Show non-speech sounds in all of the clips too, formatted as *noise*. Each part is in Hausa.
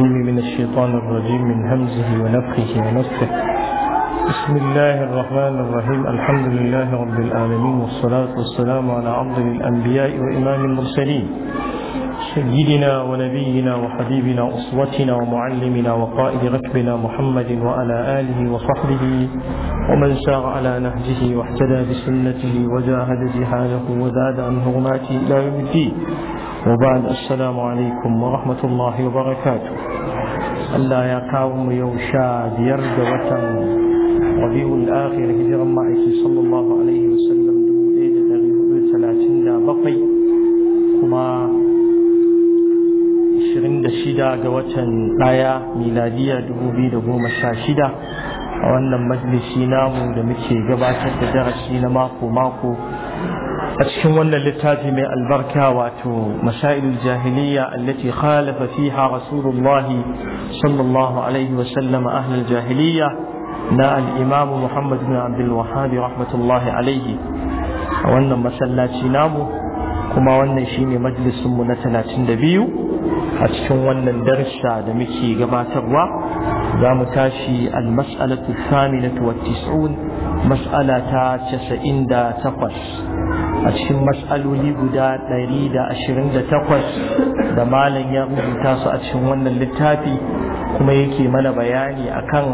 من الشيطان الرجيم من همزه ونفخه ونفخه بسم الله الرحمن الرحيم الحمد لله رب العالمين والصلاة والسلام على عبد الأنبياء وإمام المرسلين سيدنا ونبينا وحبيبنا أسوتنا ومعلمنا وقائد ركبنا محمد وعلى آله وصحبه ومن سار على نهجه واحتدى بسنته وجاهد جهاده وزاد عن هرماته إلى يوم الدين وبعد السلام عليكم ورحمة الله وبركاته الله يا قوم يوشاد يرد وطن ربيع الآخر هجر معك صلى الله عليه وسلم دوئيد دغيه بثلاثين دا بقي كما شرين دا شدا دا وطن آية ميلادية دوبي دا بوم الشاشدة وأن مجلسي نامو دا مكي قبعة دا درسي نماكو ماكو, ماكو a cikin wannan littafi mai albarka wato masailul jahiliya allati khalafa fiha rasulullah sallallahu alaihi wa sallama ahlul jahiliya na al-imam Muhammad bin Abdul Wahhab rahmatullahi alaihi a wannan masallaci namu kuma wannan shine majalisin mu na 32 a cikin wannan darsa da muke gabatarwa za mu tashi al-mas'alatu thaminatu wa tis'un mas'ala ta 98 a cikin mas'aloli guda 128 da malam ya rubuta su a cikin wannan littafi kuma yake mana bayani akan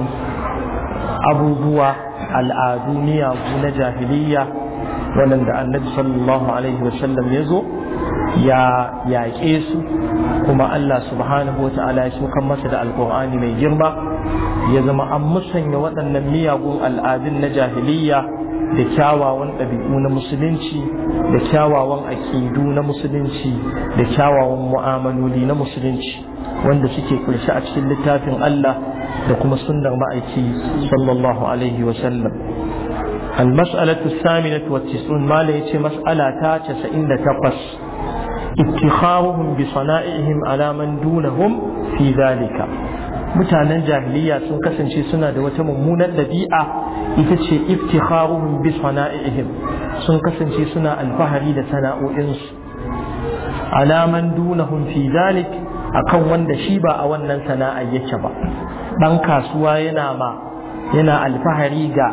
abubuwa al'adu miyagu na jahiliya waɗanda annabi sallallahu alaihi wasallam ya zo ya yaƙe su kuma Allah subhanahu wa ta'ala ya shukan masa da alƙur'ani mai girma ya zama an musanya waɗannan miyagun al'adun na jahiliya da kyawawan ɗabi'u na musulunci da kyawawan aƙidu na musulunci da kyawawan mu'amaloli na musulunci wanda suke ƙunshe a cikin littafin Allah da kuma sunnar ma'aiki sallallahu alaihi wa sallam المسألة الثامنة والتسعون ما ليس مسألة تاتس إن تقص اتخاذهم بصنائعهم على من دونهم في ذلك mutanen jahiliya sun kasance suna da wata mummunar dabi'a ita ce iftikharuhum bi sana'ihim sun kasance suna alfahari da sana'o'insu alaman dunahum fi zalik akan wanda shi ba a wannan sana'a yake ba dan kasuwa yana ma yana alfahari ga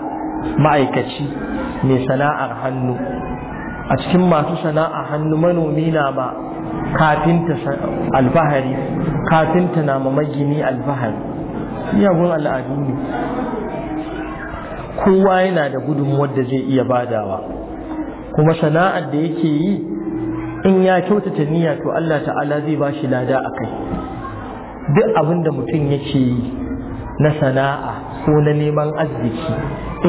ma'aikaci mai sana'ar hannu a cikin masu sana'ar hannu manomi na ma kafinta alfahari kafinta na mamagini alfahari miyagun al'adu ne kowa yana da gudun da zai iya badawa kuma sana'ar da yake yi in ya kyautata niyya to Allah ta'ala zai ba shi lada a kai duk abin da mutum yake yi na sana'a ko na neman arziki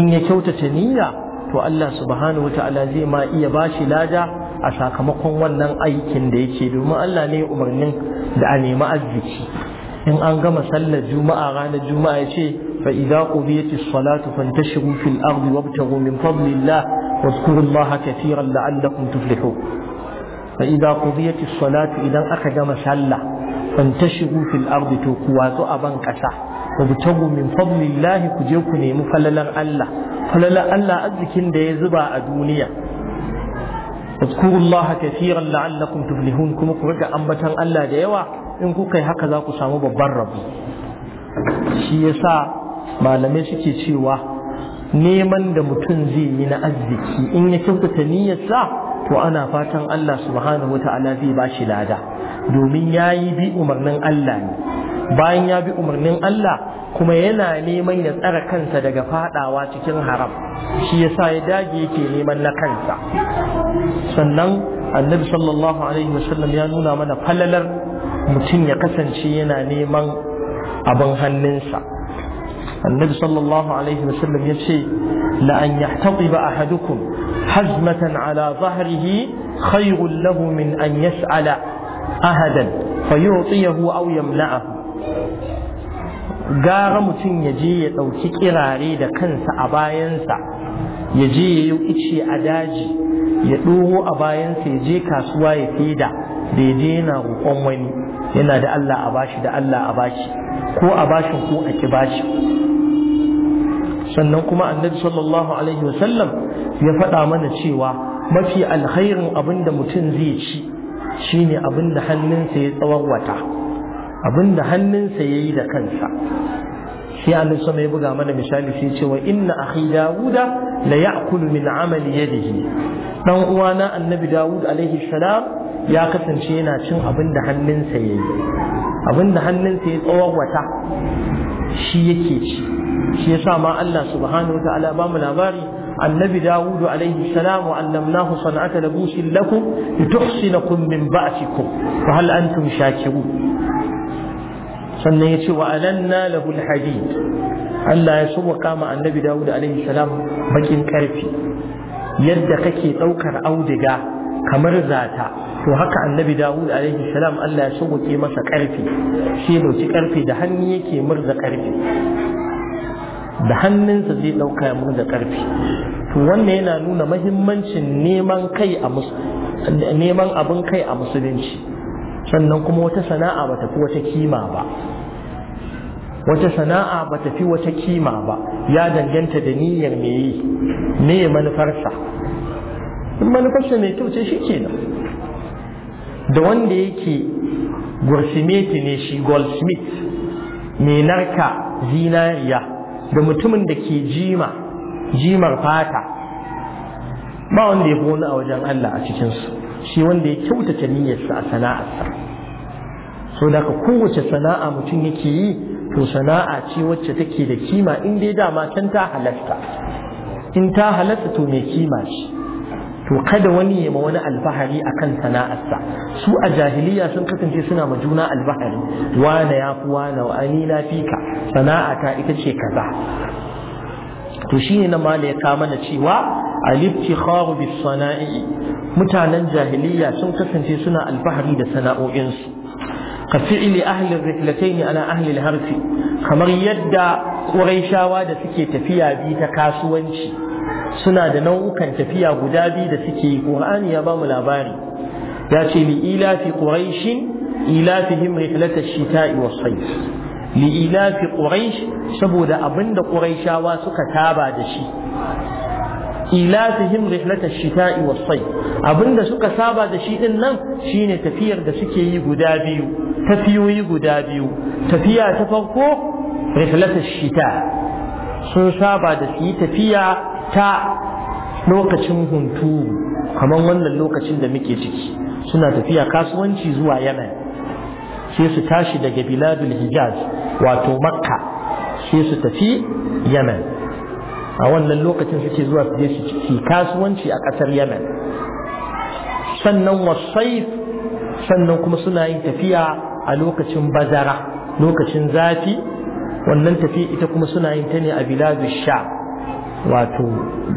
in ya kyautata niyya to Allah subhanahu wa ta'ala zai ma iya ba shi lada a sakamakon wannan aikin da yake domin Allah ne umarnin da a nemi arziki in an gama sallar juma'a ranar juma'a ya ce fa idza qudiyatis salatu fantashiru fil ardi wabtaghu min fadlillah واذكروا الله كثيرا لعلكم تفلحون فإذا قضيت to إذا أخذ مسلة فانتشروا في الأرض توقوات أبان ku je ku nemi الله Allah. مفللا Allah فللا da ya zuba a duniya. اذكروا الله كثيرا لعلكم kuma Ku كوكا ambatan Allah da yawa in ku kai haka za ku samu babban rabo shi yasa malamai suke cewa neman da mutum zai yi na arziki in ya kyautata sa, to ana fatan Allah subhanahu wata'ala zai ba shi lada domin ya yi bi umarnin Allah ne bayan ya bi umarnin Allah kuma yana neman ya tsara kansa daga fadawa cikin haram shi yasa ya dage yake neman na kansa sannan annabi sallallahu alaihi wasallam ya nuna mana falalar mutum ya kasance yana neman abin hannunsa annabi sallallahu alaihi wasallam ya ce la an yahtatiba ahadukum hazmatan ala zahrihi khayrun lahu min an yas'ala ahadan fayu'tiyahu aw yamna'ahu gara mutum ya je ya ɗauki kirare da kansa a bayansa ya je ya yi ice a daji ya ɗoro a bayansa ya je kasuwa ya feda da ya je yana roƙon wani yana da Allah a bashi da Allah a bashi ko a bashi ko a ki bashi sannan kuma annabi sallallahu alaihi wasallam ya faɗa mana cewa mafi alkhairin abinda mutum zai ci shine abinda hannunsa ya tsawon wata abinda hannunsa ya yi da kansa shi Allah sama ya buga mana misali sai cewa inna akhi dawuda la ya'kulu min amali yadihi dan uwana annabi dawud alaihi salam ya kasance yana cin abin da hannunsa yayi abin da hannunsa ya tsawagwata shi yake ci shi yasa ma Allah subhanahu wa ta'ala ba mu labari annabi dawud alaihi salam wa allamnahu sana'ata labusin lakum lituhsinakum min ba'sikum fa hal antum shakirun sannan ya ce wa alanna lahul hadid Allah ya so kama annabi Dawud alaihi salam bakin karfi yadda kake daukar audiga kamar zata to haka annabi Dawud alaihi salam Allah ya sauke masa karfi shi shi karfi da hannu yake murza karfi da hannunsa zai dauka ya murza karfi to wannan yana nuna mahimmancin neman kai a neman abin kai a musulunci sannan kuma wata sana'a ba ta fi wata kima ba wata sana'a ba ta fi wata kima ba ya danganta da niyyar me yi ya manufarsa in manufarsa mai kyau ce nan. da wanda yake gursimeti ne shi goldsmith mai narka zinariya da mutumin da ke jima jimar fata ba wanda ya fi wani a wajen Allah a cikinsu shi wanda ya kyautata niyyarsa a sana'arsa so da ka kowace sana'a mutum yake yi to sana'a ce wacce take da kima in dai dama can ta halasta in ta halasta to mai kima ce to kada wani ya ma wani alfahari akan sana'arsa su a jahiliya sun kasance suna ma juna alfahari wane ya fi wane wa ani na sana'a ta ita ce kaza to shine na mala ya kama mana cewa al-ibtikharu bis sana'i mutanen jahiliya sun kasance suna alfahari da sana'o'insu ka fi'li ahli rihlatayn ala ahli al-harfi kamar yadda quraishawa da suke tafiya bi ta kasuwanci suna da nau'ukan tafiya guda bi da suke yi qur'ani ya bamu labari ya ce li ilafi quraishin ilafihim rihlatash shita'i was-sayf li ilafi quraish saboda abinda quraishawa suka taba da shi ilatihim rihlatash shita'i was sayf abinda suka saba da shi din nan shine tafiyar da suke yi guda biyu tafiyoyi guda biyu tafiya ta farko rihlatash shita sun saba da su yi tafiya ta lokacin hunturu kamar wannan lokacin da muke ciki suna tafiya kasuwanci zuwa yamen sai su tashi daga biladul hijaz wato makka sai su tafi yamen a wannan lokacin suke zuwa su je su kasuwanci a ƙasar yamen sannan wasai sannan kuma suna yin tafiya a lokacin bazara lokacin zafi wannan tafiya ita kuma suna yin ta ne a biladu sha wato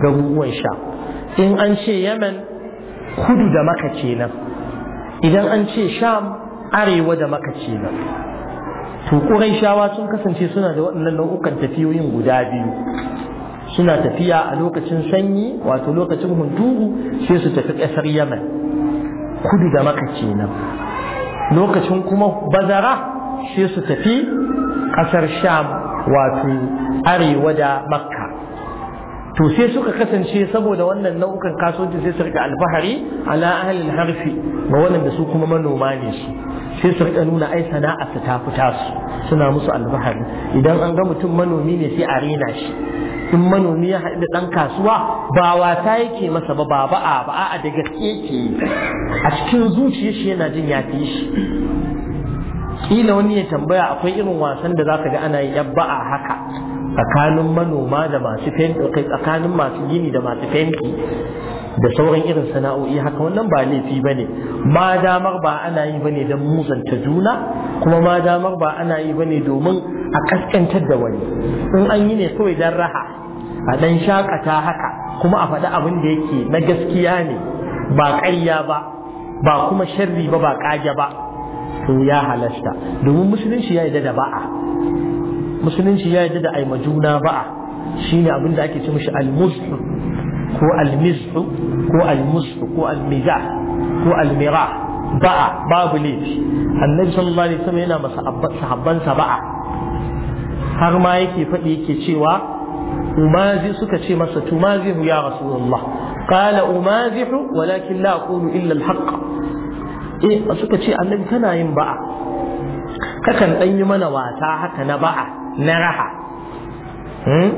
garuruwan sha in an ce yamen kudu da maka kenan idan an ce sham arewa da maka kenan to shawa sun kasance suna da waɗannan nau'ukan tafiyoyin guda biyu suna tafiya a lokacin sanyi wato lokacin hunturu sai su tafi ƙasar yaman kudu da maka kenan lokacin kuma bazara sai su tafi ƙasar sham wato arewa da makka to sai suka kasance saboda wannan nau'ukan kasuwanci sai su rika alfahari ala ahalin harfi ga waɗanda su kuma manoma ne su sai su rika nuna ai sana'a su ta fita su suna musu alfahari idan an ga mutum manomi ne sai a rena shi cikin manomi ya haɗu da ɗan kasuwa ba wata yake masa ba ba ba a da gaske yake a cikin zuciya shi yana jin ya fi shi Ƙila wani ya tambaya akwai irin wasan da za ka ga ana yi ba'a haka tsakanin manoma da masu fenti tsakanin masu gini da masu fenti da sauran irin sana'o'i haka wannan ba laifi ba ne ma damar ba ana yi ba ne don muzanta juna kuma ma damar ba ana yi ba ne domin a kaskantar da wani in an yi ne kawai don raha a ɗan shakata haka kuma a faɗi abin da yake na gaskiya ne ba ƙarya ba ba kuma sharri ba ba ƙage ba to ya halasta domin musulunci ya yarda da ba'a musulunci ya yarda da aima juna ba'a shine abin da ake ce mishi almusu ko almisu ko almusu ko almiza ko almira ba'a babu laifi annabi sallallahu alaihi wasallam yana masa sahabbansa ba'a har ma yake faɗi yake cewa umazi suka ce masa tumazihu ya rasulullah umazihu walakin la aqulu illa alhaq eh suka ce annabi kana yin ba'a kakan dan yi mana wata haka na ba'a na raha hmm?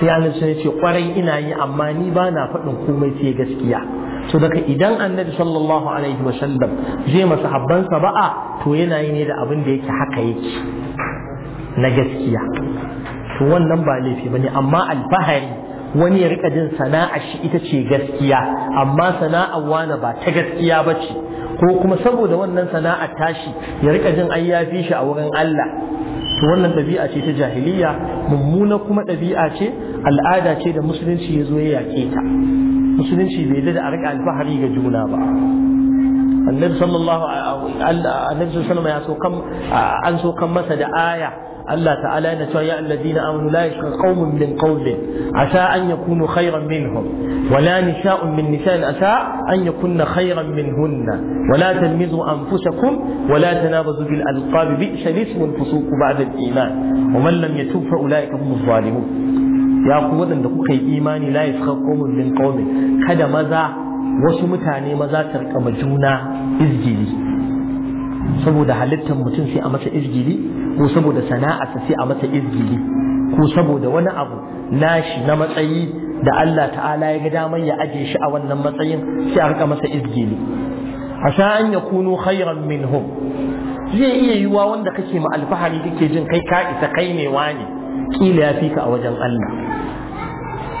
sai annabi sai ce kwarai ina yi amma ni ba na faɗin komai sai gaskiya to daga idan annabi sallallahu alaihi wa sallam zai masa ba'a to yana yi ne da abin da yake haka yake na gaskiya to wannan ba laifi ne amma alfahari wani ya rika jin sana'a shi ita ce gaskiya amma sana'a wani ba ta gaskiya ba ce ko kuma saboda wannan sana'a tashi ya rika jin an ya fi shi a wurin Allah to wannan ɗabi'a ce ta jahiliya mummuna kuma ɗabi'a ce al'ada ce da musulunci ya zo ya yaƙe ta musulunci bai da a rika alfahari ga juna ba annabi sallallahu alaihi wasallam ya so kan an so kan masa da aya الله تعالى أن يا الذين آمنوا لا يشقى قوم من قوم عسى أن يكونوا خيرا منهم ولا نساء من نساء عسى أن يكن خيرا منهن ولا تلمزوا أنفسكم ولا تنابزوا بالألقاب بئس الاسم الفسوق بعد الإيمان ومن لم يتوب فأولئك هم الظالمون يا قوة دقوق إيمان لا يشقى قوم من قوم هذا ماذا wasu mutane maza ta rika ma juna izgili saboda halittar mutum sai a masa izgili ko saboda sana'a sai a mata izgili ko saboda wani abu nashi na matsayi da Allah ta'ala ya ga daman ya aje shi a wannan matsayin sai a rika masa izgili asa an yakunu khairan minhum zai iya yiwa wanda kake ma alfahari kake jin kai ka isa kai ne wani kila ya fi ka a wajen Allah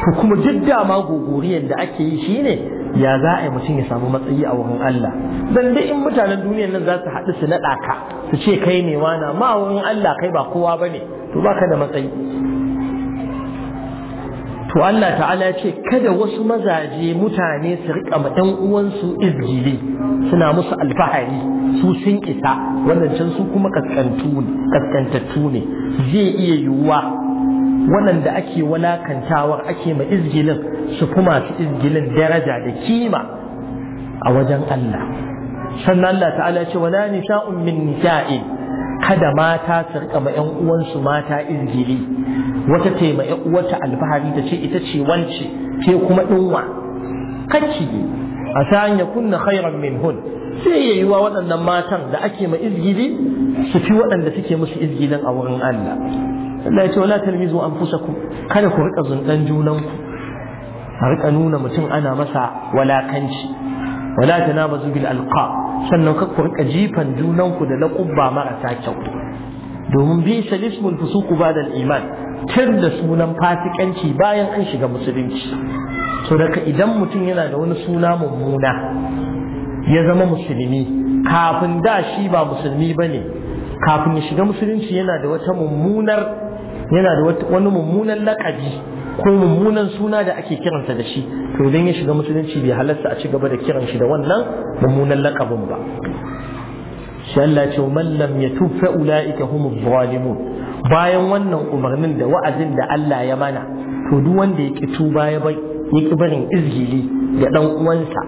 to kuma duk dama gogoriyar da ake yi shine ya za a yi mutum ya samu matsayi a wurin Allah dan dai in mutanen duniyar nan za su haɗu su naɗa ka su ce kai ne wana ma wurin Allah kai ba kowa ba ne. to ba ka da matsayi to Allah ta'ala ce kada wasu mazaje mutane su riƙa ma ɗan uwansu izgili suna musu alfahari su sun isa wannan can su kuma kaskantattu ne zai iya yiwuwa waɗanda ake walakantawar ake ma izgilin su fi masu izgilin daraja da kima a wajen Allah sannan Allah ta'ala ce wala nisa'un min nisa'in kada mata su rika ma ƴan uwansu mata izgili wata ce ma alfahari ta ce ita ce wance ke kuma ɗinwa kacci a sa ya kunna khairan min hun sai ya yi wa waɗannan matan da ake ma izgili su fi waɗanda suke musu izgilin a wurin Allah Allah ya ce wala talmizu anfusakum kada ku rika zundan junanku a rika nuna mutum ana masa walakanci wala tanabazu bil alqa sannan ku rika jifan junanku da laqubba marasa kyau domin bi salismul fusuku ba da iman tir da sunan fasikanci bayan an shiga musulunci so daga idan mutum yana da wani suna mummuna ya zama musulmi kafin da shi ba musulmi ba ne kafin ya shiga musulunci yana da wata mummunar yana da wani mummunan lakabi ko mummunan suna da ake kiransa da shi to idan ya shiga musulunci bai halarta a ci gaba da kiran shi da wannan mummunan lakabin ba shi Allah ce man lam yatub fa ulaika humuz zalimun bayan wannan umarnin da wa'azin da Allah ya mana to duk wanda ya ki tuba ya bai يكبرين إزجيلي يدعون أنسا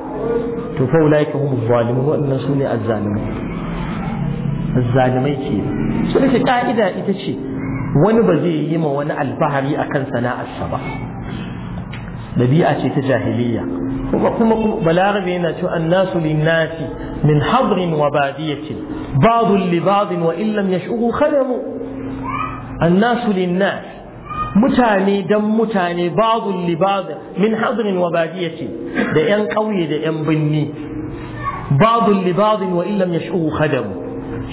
فأولئك هم الظالمون وإن رسولي الظالمون الظالمين كيف سنة قائدة إتشي ونبذيهم ونع البحر أكن سناء السبع بديعة تجاهلية وكما بلاغ بينا شو الناس للناس من حضر وبادية بعض لبعض وإن لم يشؤوا خدموا الناس للناس mutane dan mutane babu libaz min hadrin wa ce da yan ƙauye da yan binni babu libaz wa illam yash'u khadam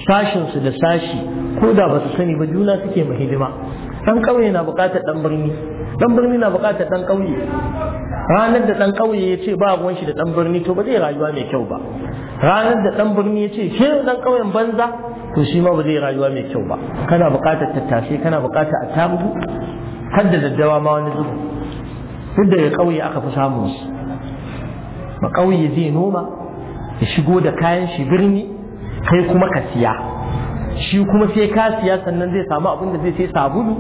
sashin su da sashi ko da ba su sani ba juna suke mahidima dan ƙauye na buƙatar dan birni dan birni na buƙatar dan ƙauye ranar da dan ƙauye ya ce ba ruwan shi da dan birni to ba zai rayuwa mai kyau ba ranar da dan birni ya ce shi dan ƙauyen banza to shi ma ba zai rayuwa mai kyau ba kana buƙatar tattashe kana buƙatar attarugu har da daddawa ma wani zubu duk daga ƙauye aka fi samun su ba ƙauye zai noma ya shigo da kayan shi birni kai kuma ka siya shi kuma sai ka siya sannan zai samu abin da zai sai sabulu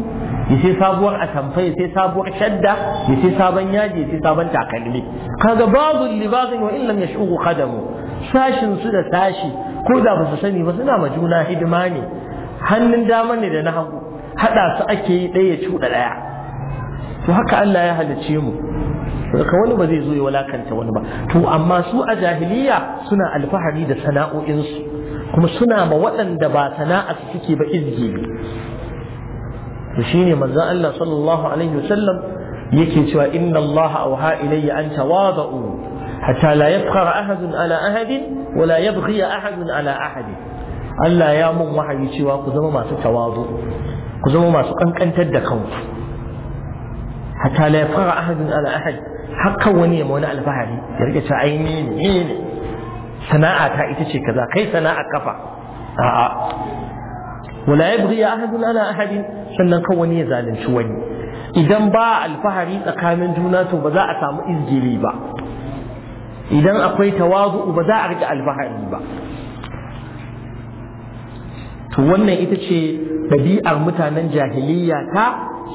ya sai sabuwar atamfa ya sai sabuwar shadda ya sai sabon yaji ya sai sabon takalmi kaga babu libasin wa illam yashuqu qadamu sashin su da sashi ko da ba su sani ba suna ma juna hidima ne hannun dama ne da na hagu hada su ake yi ɗaya ya cuɗa ɗaya to haka Allah ya halicce mu ka wani ba zai zo ya walakanta wani ba to amma su a jahiliya suna alfahari da sana'o'insu kuma suna ma waɗanda ba sana'a su suke ba izgili to shine manzon Allah sallallahu alaihi wasallam yake cewa inna Allah auha ilayya an tawadu hatta la yafkhara ahadun ala ahadin wa la yabghi ahadun ala ahadin Allah ya mun wahayi cewa ku zama masu tawadu ku zama masu ƙanƙantar da kanku hatta la yafara ahadun ala ahad hakan wani ya wani alfahari ya rike ta ai ni ne ne sana'a ta ita ce kaza kai sana'a kafa a'a wala yabghi ahadun ala ahadin sannan kan wani ya zalunci wani idan ba alfahari tsakanin juna to ba za a samu izgili ba idan akwai tawazu ba za a rike alfahari ba to wannan ita ce ɗabi'ar mutanen jahiliya ta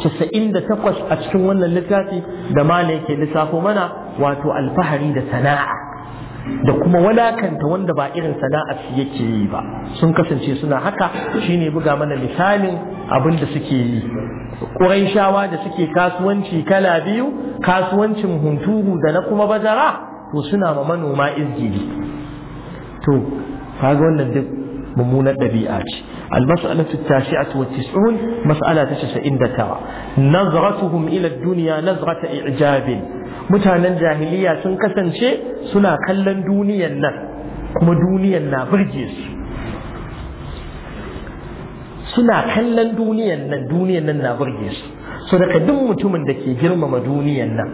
casa'in da takwas a cikin wannan littafi da ne yake lissafo mana wato alfahari da sana'a da kuma walakanta wanda ba irin sana'a su yake yi ba sun kasance suna haka shine buga mana misalin abin da suke yi shawa da suke kasuwanci kala biyu kasuwancin hunturu da na kuma bazara to suna ma manoma izgili to kaga wannan duk mummunar ɗabi'a ce almas'alatu tasi'atu wa tis'un mas'ala ta 99 nazratuhum ila ad-dunya nazrata i'jabin mutanen jahiliya sun kasance suna kallon duniyan nan kuma duniyan na burge su suna kallon duniyan nan duniyan nan na burge su so daga duk mutumin da ke girmama duniyan nan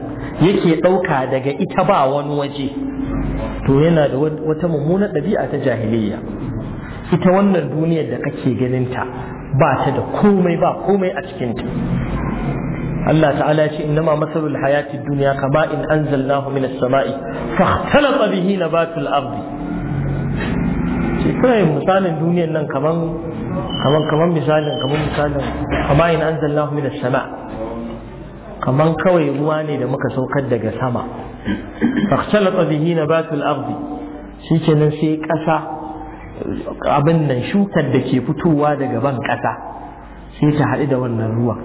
yake ɗauka daga ita ba wani waje to yana da wata mummunar ɗabi'a ta jahiliya ita wannan duniyar da kake ganinta ba ta da komai ba komai a cikinta Allah ta'ala ya ce innama masalul hayati duniya kama in anzalnahu min as-sama'i fa khalaqa bihi nabatul ardi ce kai misalin duniyar nan kaman kaman kaman misalin kaman misalin kama in anzalnahu min as-sama' kaman kawai ruwa ne da muka saukar daga sama fa khalaqa bihi nabatul ardi shikenan sai kasa abin nan shukar da ke fitowa daga ban ƙasa sai ta haɗu da wannan ruwa,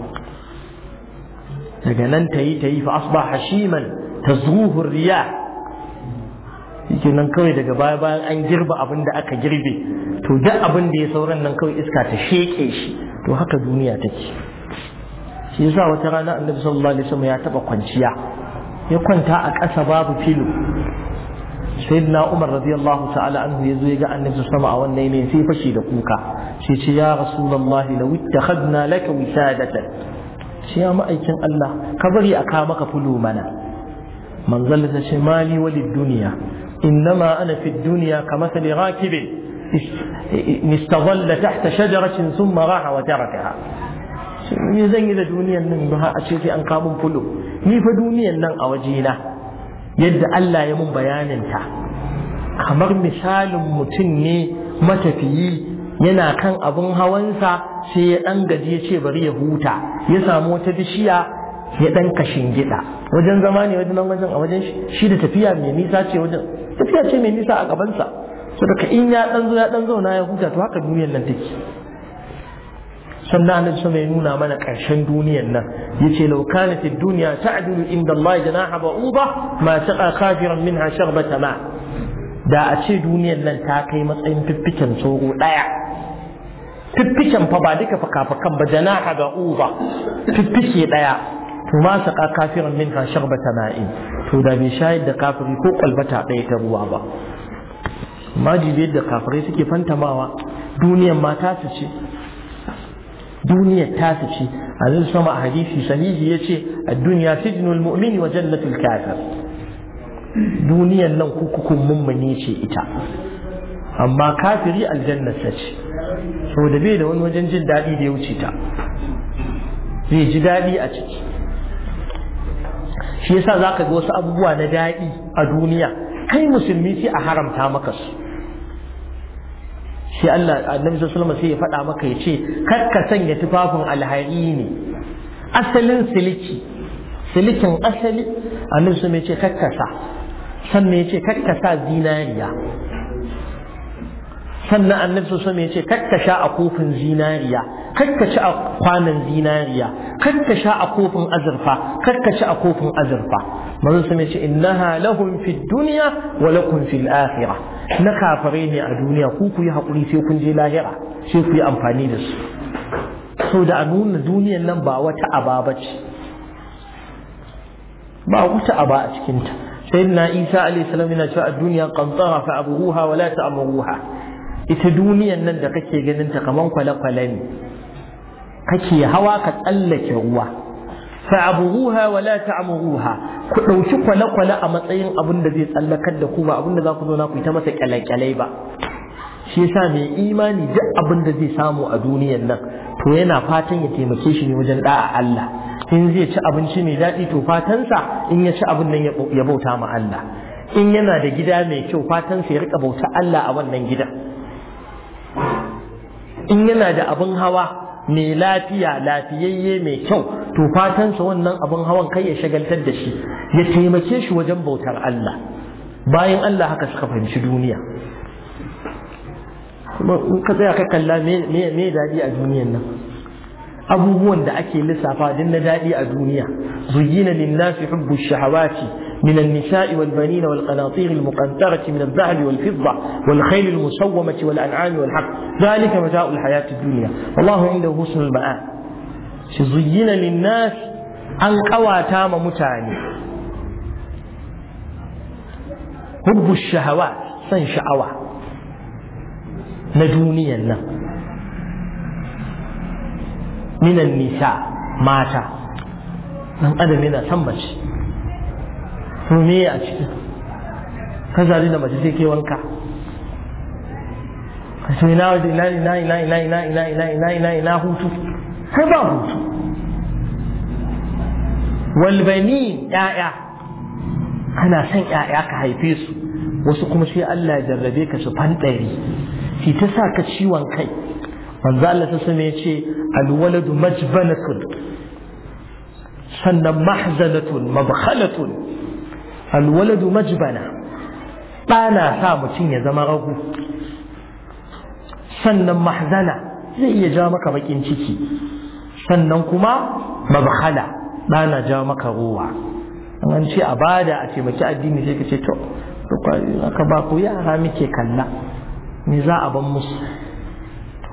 daga nan ta yi ta yi fa asba hashiman ta zuhur riya yake nan kawai daga baya bayan an girba abin da aka girbe to duk abin da ya sauran nan kawai iska ta sheƙe shi to haka duniya ta take shi yasa wata rana annabi sallallahu alaihi wasallam ya taba kwanciya ya kwanta a ƙasa babu filo sayyidina umar radiyallahu ta'ala anhu yazo ya ga annabi sama a wannan yanayin sai fashe da kuka sai ce ya rasulullahi law ittakhadna laka wisadatan sai ya ma'aikin Allah ka bari a ka maka fulu mana manzal mali duniya ana duniya استظل تحت شجرة ثم راح وتركها ni zan yi da duniyan nan ba a ce sai an kamun fulo ni fa duniyan nan a wajena yadda Allah ya mun bayaninta kamar misalin mutum ne matafiyi yana kan abin hawansa sai ya ɗan gaji ce bari ya huta ya samu wata bishiya ya ɗan kashin gida wajen zama ne wajen wajen a wajen shi da tafiya mai nisa ce wajen tafiya ce mai nisa a gabansa saboda in ya ɗan zo ya ɗan zauna ya huta to haka duniyar nan take sannan annabi sama ya nuna mana ƙarshen duniyar nan yace law kanat ad-dunya ta'dilu inda Allah janaha ba'uda ma saqa kafiran minha sharbata ma da a ce duniyar nan ta kai matsayin fiffiken tsoro daya fiffiken fa ba duka fakafakan ba janaha ba'uda fiffike daya to ma saqa kafiran minha sharbata ma'in to da bai shayar da kafiri ko kwalbata ɗaya ta ruwa ba majibiyar da kafirai suke fantamawa duniyar mata su ce duniya tasu ce azin sama a hadisi sahihi yace ad-dunya sijnul mu'min wa jannatul kafir duniyar nan kukukun mummune ce ita amma kafiri aljanna ce da bai da wani wajen jin daɗi da ya wuce ta zai ji daɗi a ciki shi yasa zaka ga wasu abubuwa na daɗi a duniya kai musulmi sai a haramta maka su sai Allah annabi sallallahu alaihi sai ya faɗa maka ya ce kar ka sanya tufafin alhari ne asalin siliki silikin asali annabi sallallahu ya ce kar ka sa sannan ya ce zinariya sannan annabi sallallahu ya ce kar ka sha a kofin zinariya kar ka ci a kwanan zinariya kar ka sha a kofin azurfa kar ka ci a kofin azurfa manzon sallallahu ya ce innaha lahum fid dunya wa lakum fil akhirah na kafare ne a duniya ku ku yi haƙuri sai kun je lahira sai ku yi amfani da su so da a nuna duniyan nan ba wata aba ba ce ba wata aba a cikinta sai na isa alaihissalam yana cewa a duniya kantara fa aburuha wala ta'muruha ita duniyan nan da kake ganin ta kaman kwale-kwale ne kake hawa ka tsallake ruwa ruha wa la ruha ku dauki kwale-kwale a matsayin abin da zai tsallakar da ku ba abin da za ku zo na ku ta masa kyalakyalai ba shi yasa mai imani duk abin da zai samu a duniyar nan to yana fatan ya taimake shi ne wajen da'a Allah in zai ci abinci mai daɗi to fatansa in ya ci abin nan ya bauta ma Allah in yana da gida mai kyau fatansa ya rika bauta Allah a wannan gidan in yana da abin hawa mai lafiya lafiyayye mai kyau to fatansa wannan abin hawan kai ya shagaltar da shi ya taimake shi wajen bautar Allah bayan Allah haka suka fahimci duniya in ka tsaya ka kalla me daɗi a duniyan nan abubuwan da ake lissafa din na daɗi a duniya zuyina linnasi hubbu shahawati من النساء والبنين والقناطير المقنطرة من الذهب والفضة والخيل المسومة والأنعام والحق ذلك متاع الحياة الدنيا والله عنده حسن المآب شزينا للناس أن قوى تام متاني حب الشهوات سن شعوة ندونيا من النساء ماتا من أدم إذا to me a ciki ka zari da mace sai ke wanka ka ce ina waje ina ina ina ina ina ina ina ina ina ina hutu har ba hutu walbani ya'ya kana son ya'ya ka haife su wasu kuma sai Allah ya jarrabe ka su fanɗari shi ta sa ka ciwon kai manzo Allah ta sani ya ce alwaladu majbanatun sannan mahzanatun mabkhalatun الولد مجبنا بانا سامو تيني زما غوكو سنن محزنا زي يجامك بكين تيكي سنن كما مبخلا بانا جامك غوا وان شي أبادا أتي مكي أديني زي كتي تو أكباكو يا رامي كلا نزاء بن مص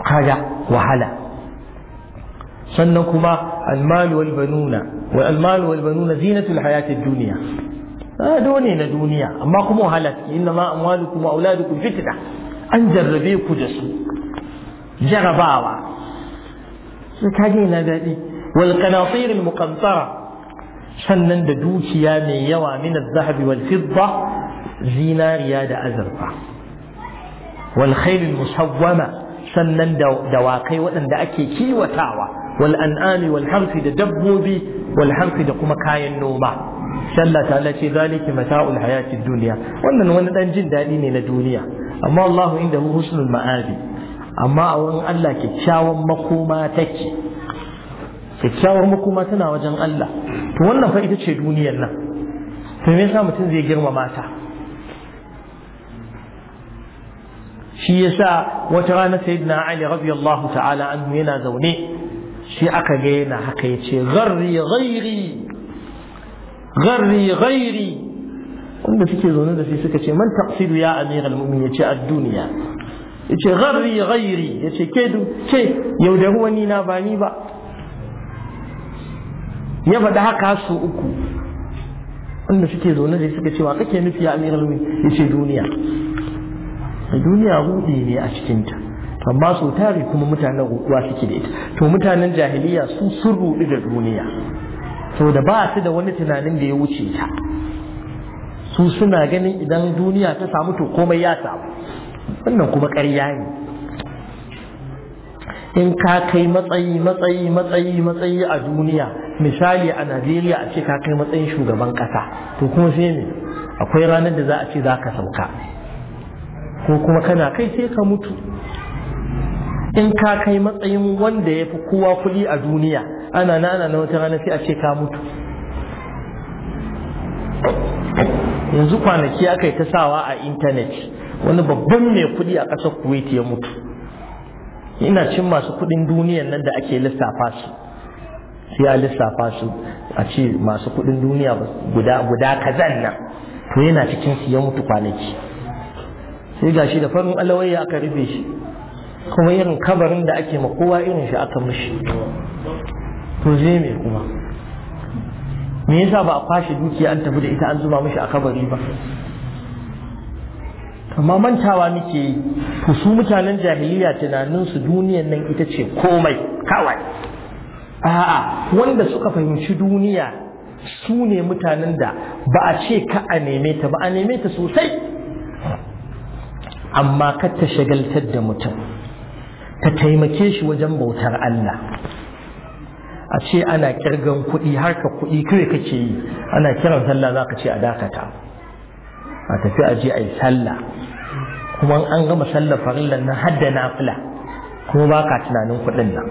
حاجة وحلا سنن كما المال والبنون والمال والبنون زينة الحياة الدنيا هذا آه، وني الدنيا أما كم حالك إنما أموالكم وأولادكم فتنة أن جربي كجسم جرباوا سكاجين هذا والقناطير المقنطرة سنن دوكيا من يوى من الذهب والفضة زينا رياد أزرقا والخيل المسومة سنن دواقي وأن دأكي كي وتاوى والأنآم والحرف دجبوبي والحرف دقمكاي النوبة النوبة Allah ta'ala ce zalika mata'ul hayatid dunya wannan wani dan jin dadi ne na duniya amma Allah inda hu husnul ma'abi amma a wurin Allah kyakkyawan makoma take kyakkyawar makoma tana wajen Allah to wannan fa ita ce duniyar nan to me yasa mutum zai girmamata? ta shi yasa wata rana sayyidina Ali radiyallahu ta'ala anhu yana zaune shi aka ga yana haka yace gharri ghairi gharri ghairi wanda suke zaune da shi suka ce man taqsidu ya amiral mu'min yace ad-dunya yace gharri ghairi yace ke du ce yaudaru wani na ba ni ba ya faɗi haka su uku wanda suke zaune da suka ce wa kake nufi ya amiral mu'min yace duniya duniya rudi ne a cikinta amma so tare kuma mutanen ruwa suke da ita to mutanen jahiliya sun sun da duniya To da ba su da wani tunanin da ya wuce ta su suna ganin idan duniya ta samu to komai ya samu wannan kuma ƙarya ne in ka kai matsayi matsayi matsayi matsayi a duniya misali a najeriya a ce ka kai matsayin shugaban ƙasa to kuma sai ne akwai ranar da za a ce za ka sauka ko kuma kana kai sai ka mutu in ka kai matsayin wanda ya fi kowa kuɗi a duniya ana na na wata rana sai a ce ka mutu yanzu kwanaki aka yi ta sawa a intanet wani babban mai kudi a ƙasar kuwait ya mutu ina cin masu kuɗin duniyan nan da ake lissafa su sai a lissafa su a ce masu kuɗin duniya guda guda kazan nan to yana cikin su ya mutu kwanaki sai gashi da farin alawai aka rufe shi kuma irin kabarin da ake ma kowa irin shi aka mishi to zai mai kuma me yasa ba a kwashe dukiya an tafi da ita an zuba mashi a kabari ba amma mantawa muke yi to su mutanen jahiliya tunaninsu duniyan nan ita ce komai kawai a'a wanda suka fahimci duniya su ne mutanen da ba a ce ka a neme ta ba a neme ta sosai amma kar ta shagaltar da mutum ta taimake shi wajen bautar Allah a ce ana kirgan kuɗi ka kuɗi kai kake yi ana kiran sallah za ka ce a dakata a tafi a je a yi sallah kuma an gama sallah farillan na hadda na fila kuma ba ka tunanin kuɗin nan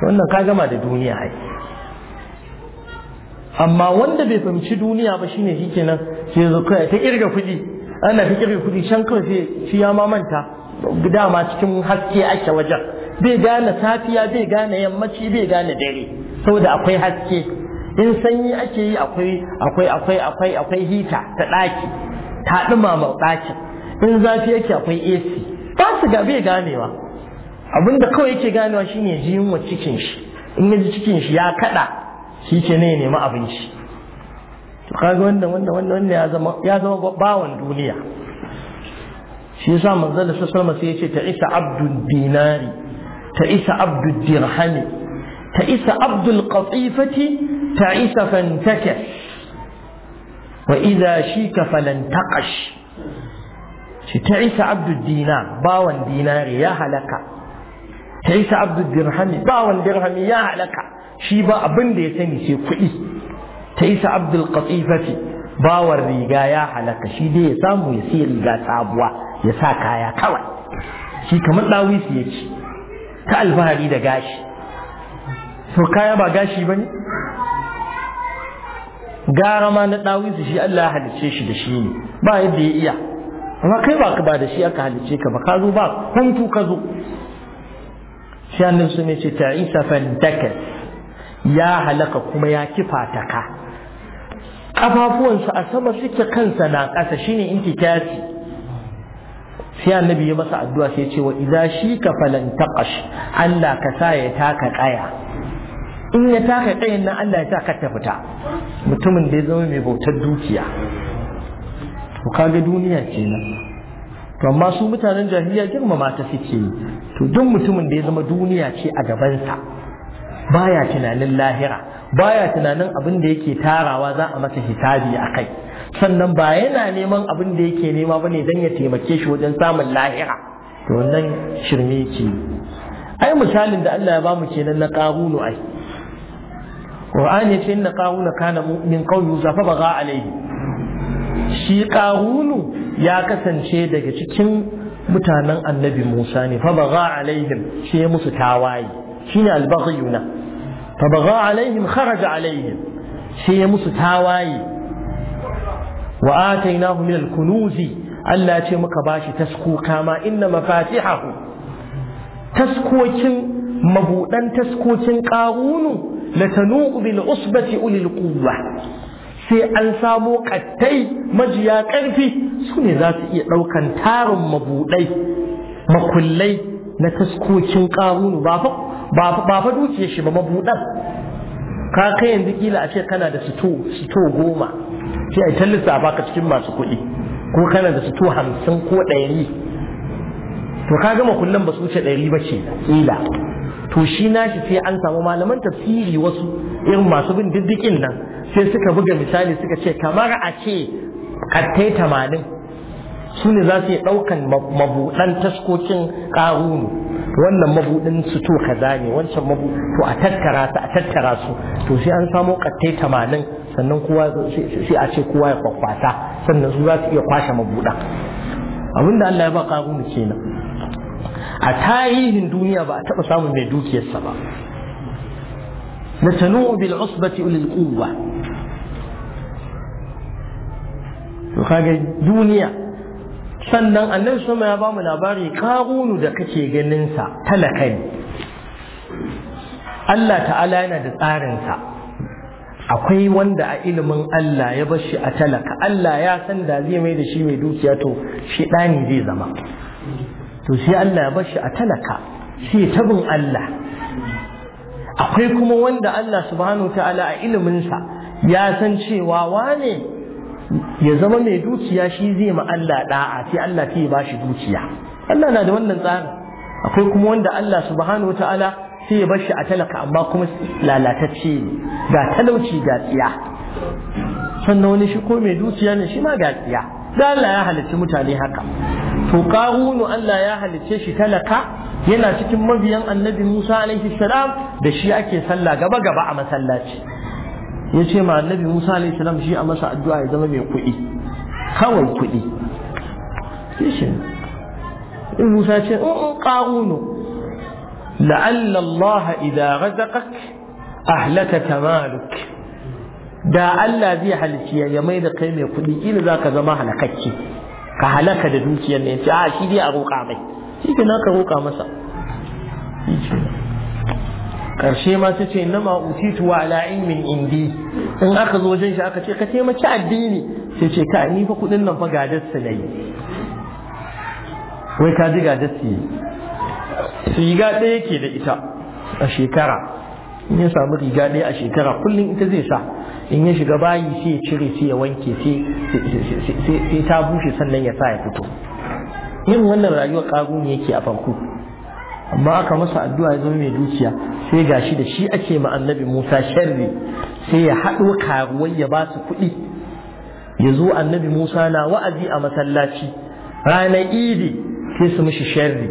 to wannan ka gama da duniya ai amma wanda bai fahimci duniya ba shine shi kenan sai zo kai ta kirga kuɗi ana ta kirga kuɗi can kawai sai shi ya ma manta dama cikin haske ake wajen bai gane safiya bai gane yammaci bai gane dare saboda akwai haske in sanyi ake yi akwai akwai akwai akwai akwai hita ta ɗaki ta ɗumama ɗakin in zafi yake akwai AC ba su ga bai ganewa abinda kawai yake ganewa shine ji yunwa cikin shi in ya ji cikin shi ya kaɗa shi ke ne nemi abinci to kaga wanda wanda wanda wanda ya zama ya zama bawan duniya shi yasa manzon da sallallahu alaihi wasallam sai ya ce ta isa abdud dinari ta isa abdud dirhami تعس عبد القطيفة تعس فانتكس وإذا شيك فلن تقش تعس عبد الدينار باون دينار يا هلك تعس عبد الدرهم باون درهم يا هلك شي با أبن دي سني سي كئي تعس عبد القطيفة باور ريغا يا هلك شي دي يسامو يسير ريغا سابوا يسا كايا كوي شي كمان داوي سيكي كالفهري دا so kaya ba gashi ba ne gara ma na ɗawisu shi Allah ya halicce shi da shi ne ba yadda ya iya amma kai ba ka ba da shi aka halicce ka ba ka zo ba huntu ka zo shi annabi ne ce ta isa ya halaka kuma ya kifa ta ka Ƙafafuwansa a sama suke kansa na ƙasa shi ne shine intikasi sai annabi ya masa addu'a sai cewa, ce shi ka falan taqash Allah ka sa ya taka kaya in ya taka tsayin nan Allah ya sa ka ta fita mutumin da ya zama mai bautar dukiya to kaga duniya kenan to amma su mutanen jahiliya girmama ta suke yi to duk mutumin da ya zama duniya ce a gabansa baya tunanin lahira baya tunanin abin da yake tarawa za a masa hisabi a kai sannan ba yana neman abin da yake nema bane dan ya taimake shi wajen samun lahira to wannan shirme yake ai misalin da Allah ya bamu kenan na qarunu ai Qur'an ya ce inna qaruna kana min qawmi fa baga alaihi shi qarunu ya kasance daga cikin mutanen annabi Musa ne fa baga alaihim shi ya musu tawaye shine albaghiyuna fa baga alaihim kharaja alaihim shi ya musu tawaye wa atainahu min alkunuzi Allah ce muka bashi tasku kama inna mafatihahu taskokin mabudan taskokin ƙarunu. لتنوء بالعصبة أولي القوة sai an samo kattai majiya ƙarfi su ne za su iya ɗaukan tarin mabuɗai makullai na taskokin ƙarunu ba fa dukiyar shi ba mabuɗan ka kai yanzu kila a ce kana da sito goma sai a ta ba ka cikin masu kuɗi ko kana da sito hamsin ko ɗari to ka gama kullum ba su wuce ɗari ba ce ƙila to shi nashi sai an samu malaman tafsiri wasu irin masu bin diddikin nan sai suka buga misali suka ce kamar a ce kattai tamanin su ne za su yi ɗaukan mabuɗan taskokin ƙarunu wannan mabuɗin su to kaza ne wancan mabu to a tattara su a tattara su to sai an samo kattai tamanin sannan kowa sai a ce kowa ya kwakwata sannan su za su iya kwashe mabuɗan abinda Allah ya ba ƙarunu kenan a tarihin duniya ba a taɓa samun mai dukiyarsa ba na tanu'u bil usbati ulil quwwa to kage duniya sannan annabi sama ya bamu labari karunu da kake ganin sa talaka ne Allah ta'ala yana da tsarin sa akwai wanda a ilimin Allah ya bar shi a talaka Allah ya san da zai mai da shi mai dukiya to shi dani zai zama to sai Allah ya bar shi a talaka sai tabin Allah akwai kuma wanda Allah subhanahu ta'ala a iliminsa ya san cewa wane ya zama mai dukiya shi zai ma Allah da'a sai Allah ta ba shi dukiya Allah na da wannan tsari akwai kuma wanda Allah subhanahu ta'ala sai ya bashi a talaka amma kuma lalatacce ne ga talauci ga tsiya sannan wani shi ko mai dukiya ne shi ma ga tsiya da Allah ya halicci mutane haka to qarunu Allah ya halicce shi talaka yana cikin mabiyan annabi Musa alaihi salam da shi ake sallah gaba gaba a masallaci ya ce ma annabi Musa alaihi salam shi a masa addu'a ya zama mai kuɗi kawai kuɗi shi in Musa ce in qarunu la'alla Allah idza razaqak ahlaka kamaluk da Allah zai halicci ya mai da kai mai kuɗi ina za ka zama halakacce ka halaka da dukiyar ne a ah, shi dai a roƙa mai shi ke ka roƙa masa karshe ma ce na ma'uti tuwa ala ilmin indi in aka zo wajen shi aka ce ka taimaki addini sai ce ka ni fa kuɗin nan fa gadar su yi. wai ka ji gadar su yi riga ɗaya ke da ita a shekara in ya samu riga ɗaya a shekara kullum ita zai sa in ya shiga bayi sai ya cire sai ya wanke sai ta bushe sannan ya sa ya fito yin wannan rayuwar ƙaru ne yake a farko amma aka masa addu'a ya zama mai dukiya sai ga shi da shi ake ma annabi Musa sharri sai ya haɗo karuwai ya ba su kuɗi ya zo annabi Musa na wa'azi a masallaci ranar idi sai su mishi sharri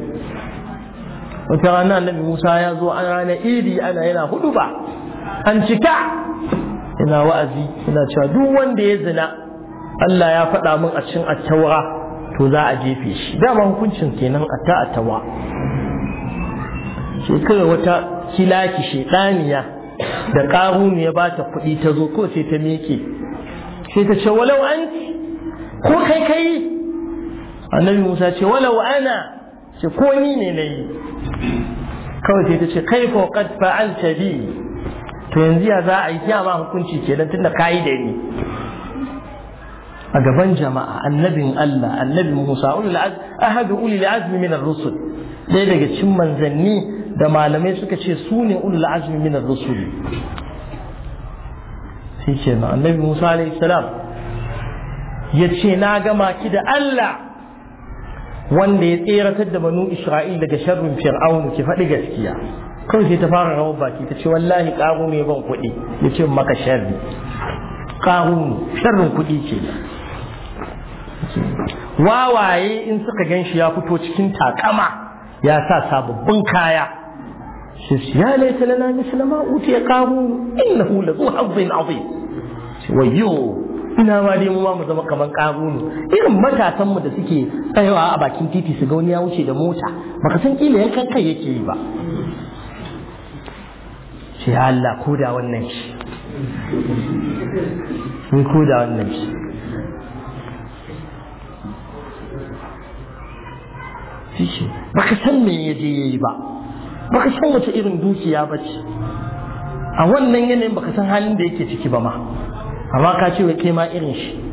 wata rana annabi Musa ya zo a ranar idi ana yana hudu ba an cika ina wa'azi ina cewa duk wanda ya zina Allah ya faɗa min a cikin attawa to za a jefe shi dama hukuncin kenan a ta attawa shekarar wata kilaki shedaniya da ƙarunu ya bata kuɗi ta zo ko sai ta meke sai ta ce walau an ko kai kai annabi musa ce walau ana ce ko ni ne na yi kawai sai ta ce kai ko kad fa'alta bi to yanzu ya za a yi sai ma hukunci ke dan tunda kayi da ni a gaban jama'a annabin Allah annabin Musa ulul ahadu ulul azmi min ar-rusul dai daga cikin manzanni da malamai suka ce su ne ulul azmi min ar-rusul sai ce na annabi Musa alayhi salam ya ce na gama ki da Allah wanda ya tseratar da banu Isra'il daga sharrin Fir'aun ki faɗi gaskiya kawai sai ta fara rawar baki ta ce wallahi ƙaru mai ban kuɗi ya ce maka sharri ƙaru sharrin kuɗi ce wawaye in suka gan shi ya fito cikin takama ya sa sababbin kaya shi ya laita lana mislama ya ƙaru innahu la zu hazzin azim ina ma dai mu ma mu zama kamar mu? irin matasanmu da suke tsayawa a bakin titi su ga ya wuce da mota baka san kila yankan kai yake yi ba ce ya Allah ko da wannan shi in ko da wannan shi shi baka san me ya je yayi ba baka san wata irin dukiya ba ce a wannan yanayin baka san halin da yake ciki ba ma amma ka ce wa kai ma irin shi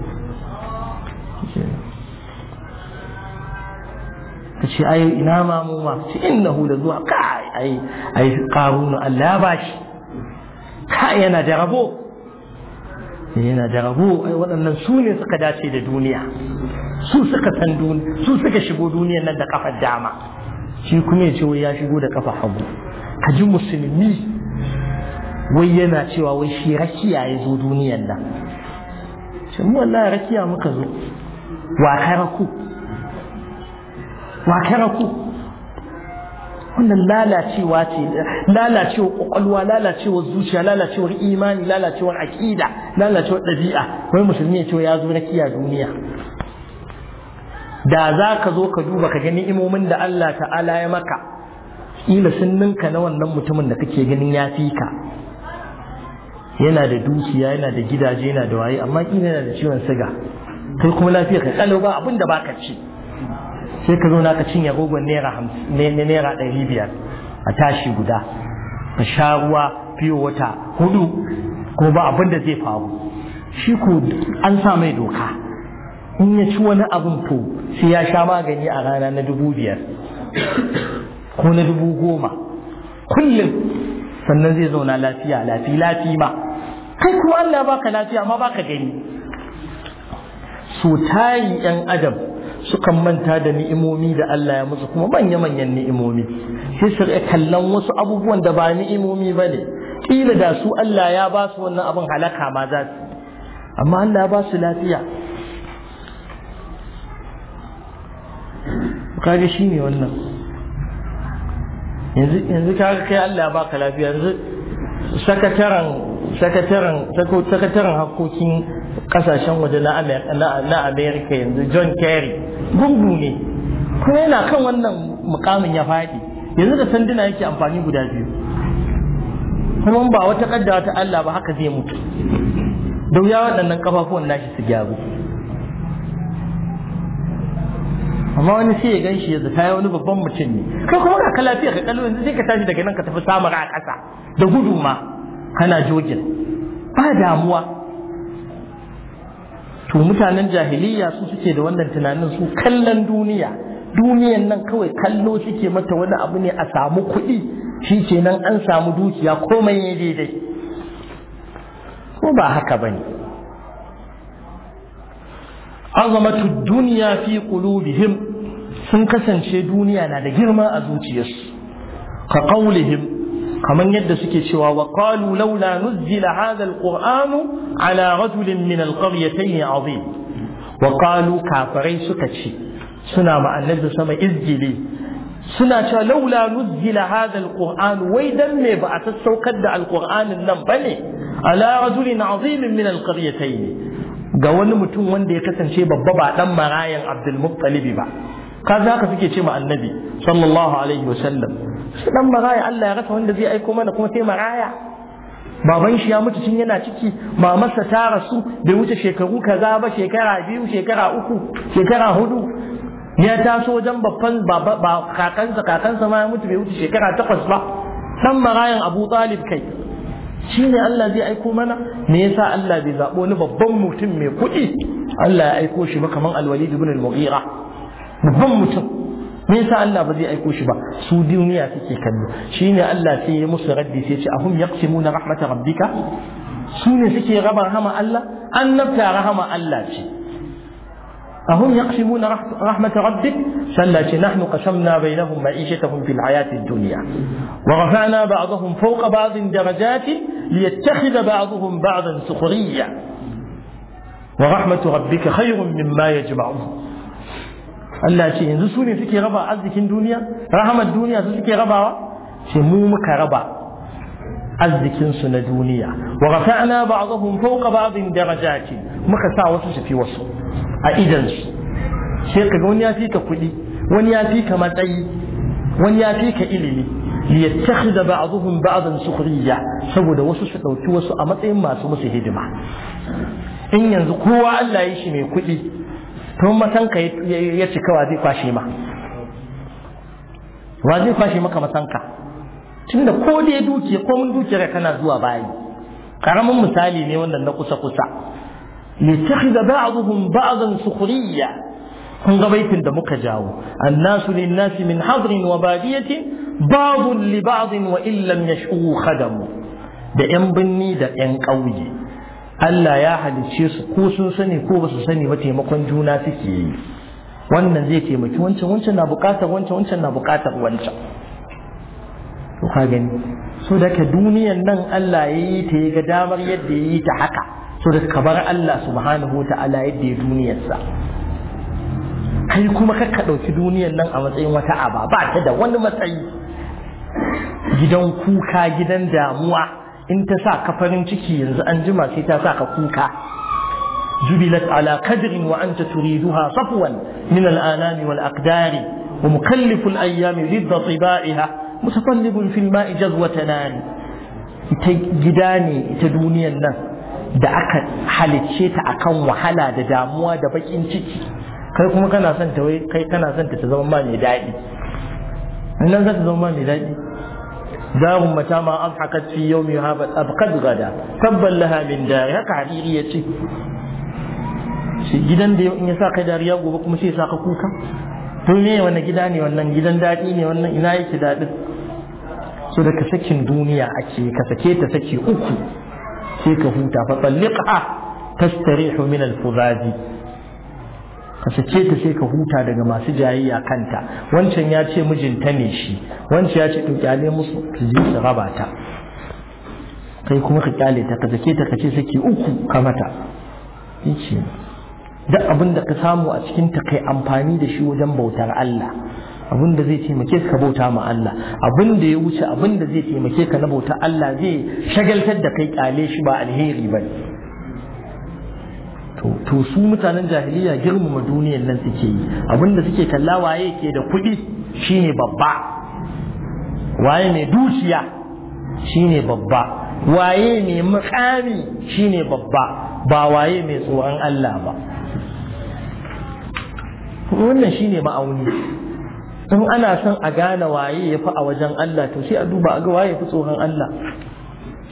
ta ce ai ina ma mu ma ce innahu da zuwa kai ai ai qaruna Allah ya bashi kai yana da rabo eh, yana da rabo ai waɗannan su ne suka dace da duniya su suka san duniya su suka shigo duniyar nan da kafar dama shi kuma ya ce wai ya shigo da kafar hagu ka ji musulmi wai yana cewa wai shi rakiya ya zo duniyar nan ce mu wallahi rakiya muka zo wa kai raku wa ka wannan lalacewa ce lalacewar kwakwalwa lalacewar zuciya lalacewar imani lalacewar aƙida lalacewar ɗabi'a wai musulmi ya ce ya zo na kiya duniya da za ka zo ka duba ka gani imomin da Allah ta'ala ya maka ila sun na wannan mutumin da kake ganin ya fi ka yana da dukiya yana da gidaje yana da waye amma kila yana da ciwon siga kai kuma lafiya ka kalau ba abin da baka ci sai ka zauna ka cinye rogon naira ɗari biyar a tashi guda ka sha ruwa fiye wata hudu ko ba abin da zai faru shi ko an sa mai doka in ya ci wani abin to sai ya sha magani a rana na dubu biyar ko na dubu goma kullum sannan zai zauna lafiya lafi lafi ma kai kuma Allah baka lafiya ma baka gani so tayi yan adam sukan manta da ni'imomi da Allah ya musu kuma manya-manyan ni'imomi sai su kallon wasu abubuwan da ba ni'imomi ba ne kila da su Allah ya ba su wannan abin halaka ma za su amma Allah ya ba su lafiya kaga shi ne wannan yanzu kaga kai Allah ya baka lafiya yanzu sakataren sakataren hakokin kasashen waje na amerika yanzu john kerry gungu ne kuma yana kan wannan mukamin ya faɗi yanzu da sanduna yake amfani guda biyu kuma ba wata kaddawa ta Allah ba haka zai mutu da wuya waɗannan kafafuwan nashi su gyaru amma wani sai ya ganshi ta yi wani babban mutum ne kai kuma ka lafiya ka ɗalo yanzu sai ka tashi daga nan ka tafi samun a ƙasa da gudu ma kana jogin ba damuwa to mutanen jahiliya su suke da wannan tunanin su kallon duniya duniyan nan kawai kallo suke mata wani abu ne a samu kuɗi shi nan an samu dukiya komai ne daidai ko ba haka ba ne azamatu duniya fi qulubihim sun kasance duniya na da girma a zuciyarsu ka qaulihim kaman yadda suke cewa wa qalu laula nuzila hadha alquran ala rajulin min alqaryatayn azim wa qalu kafarai suka ce suna ma da sama izgili suna cewa laula nuzila hadha alquran wai dan me ba a sassaukar da alquranin nan bane ala rajulin azim min alqaryatayn ga wani mutum wanda ya kasance babba ba dan marayan abdul muttalibi ba kaza haka suke ce ma annabi sallallahu alaihi wa sallam shi dan maraya Allah ya rasa wanda zai aiko mana kuma sai maraya baban shi ya mutu tun yana ciki mamarsa ta rasu bai wuce shekaru kaza ba shekara biyu shekara uku shekara hudu ya taso wajen babban kakansa kakansa ma ya mutu bai wuce shekara takwas ba dan marayan abu talib kai shi ne Allah zai aiko mana me yasa Allah bai zaɓo wani babban mutum mai kuɗi Allah ya aiko shi ba kaman alwalid ibn al-mughira babban mutum me yasa Allah ba zai aiko shi ba su duniya suke kallo shine Allah sai ya musu raddi sai ya ce ahum yaqsimuna rahmata rabbika su ne suke raba rahama Allah annabta rahama Allah ce ahum yaqsimuna rahmata rabbik sallah ce nahnu qasamna bainahum ma'ishatahum fil hayati dunya wa rafa'na ba'dahum fawqa ba'din darajatin liyattakhidha ba'dahum ba'dan sukhriya wa rahmatu rabbika khayrun mimma yajma'un Allah ce yanzu su ne suke raba arzikin duniya rahamar duniya su suke rabawa ce mu muka raba arzikin su na duniya wa rafa'na ba'dahum fawqa ba'dhin darajati muka sa wasu su fi wasu a idan su sai kaga wani ya fika kuɗi wani ya fika matsayi wani ya fika ilimi li yattakhidha ba'dhum ba'dhan sukhriya saboda wasu su dauki wasu a matsayin masu musu hidima in yanzu kowa Allah ya shi mai kuɗi tun ya cika wa zai kwashe ma wa zai kwashe maka masanka tunda ko dai duke ko mun dukiyar kana zuwa bayi karamin misali ne wannan na kusa kusa litakhidha ba'dhum ba'dhan sukhriya kun ga baitin da muka jawo annasu linnasi min hadrin wa badiyatin ba'dun li ba'din wa illam yash'u khadamu da yan binni da yan ƙauye Allah ya halicce su ko sun sani ko ba su sani ba taimakon juna suke yi wannan zai taimaki wancan wancan na bukatar wancan wancan na bukatar wancan to ka gani so ka duniyan nan Allah ya yi ta ga damar yadda ya yi ta haka so da ka bar Allah subhanahu ta'ala yadda ya duniyar sa. kai kuma ka ka ɗauki duniyan nan a matsayin wata aba ba ta da wani matsayi gidan kuka gidan damuwa in ta sa ka farin ciki yanzu an jima sai ta sa ka kuka jubilat ala kadrin wa anta turiduha safwan min al'anami wal aqdari wa mukallifu al-ayyami ridda tibaiha mutatallibun fil ma'i jazwatanan ita gida ne ita duniyar nan da aka halicce ta akan wahala da damuwa da bakin ciki kai kuma kana son ta kai kana son ta zama ma mai daɗi nan za ta zama ma mai daɗi ma دار متى ما أضحكت في gada, أبقت lahamin da لها من دار ya ce. يتي gidan da in ya sa kai dariya gobe kuma sai ya saka kuka to me wani gida ne wannan gidan daɗi ne wannan ina yake daɗin so ka sakin duniya a ake ka sake ta saki uku sai ka huta fa talliqa tastarihu min al-fuzazi ka ce ta sai ka huta daga masu jayayya kanta wancan ya ce mijinta ne shi wancan ya ce to kyale musu su ji su raba ta kai kuma ka kyale ta ka zake ta ka ce saki uku ka mata yace duk abin da ka samu a cikin ta kai amfani da shi wajen bautar Allah abin da zai taimake ka bauta ma Allah abin da ya wuce abin da zai taimake ka na bauta Allah zai shagaltar da kai kyale shi ba alheri ne. to su mutanen jahiliya girmama duniyar nan suke yi abinda suke kalla waye ke da kuɗi shine babba waye mai dukiya shine babba waye mai mukami shine babba ba waye mai tsoron Allah ba wannan shine ma'auni in ana son a gane waye ya fi a wajen Allah to sai a duba a ga waye fi tsoron Allah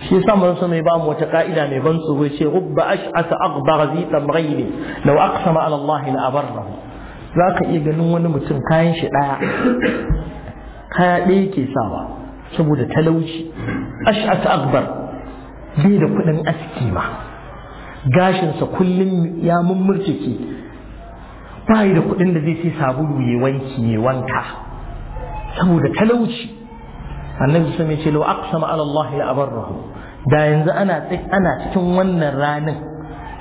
shi yasa mun so mai ba mu wata ka'ida mai ban tsoro ce rubba ash'asa aghbar zi tamrayni law aqsama ala Allah la abarrahu zaka iya ganin wani mutum kayan shi daya kaya ɗaya yake sawa saboda talauci ash'asa aghbar bi da kudin aski ba gashinsa kullum ya ki? ba da kudin da zai sai sabulu ya wanki ya wanka saboda talauci annabi sun ce lo aqsama ala Allah la abarrahu da yanzu ana ana cikin wannan ranin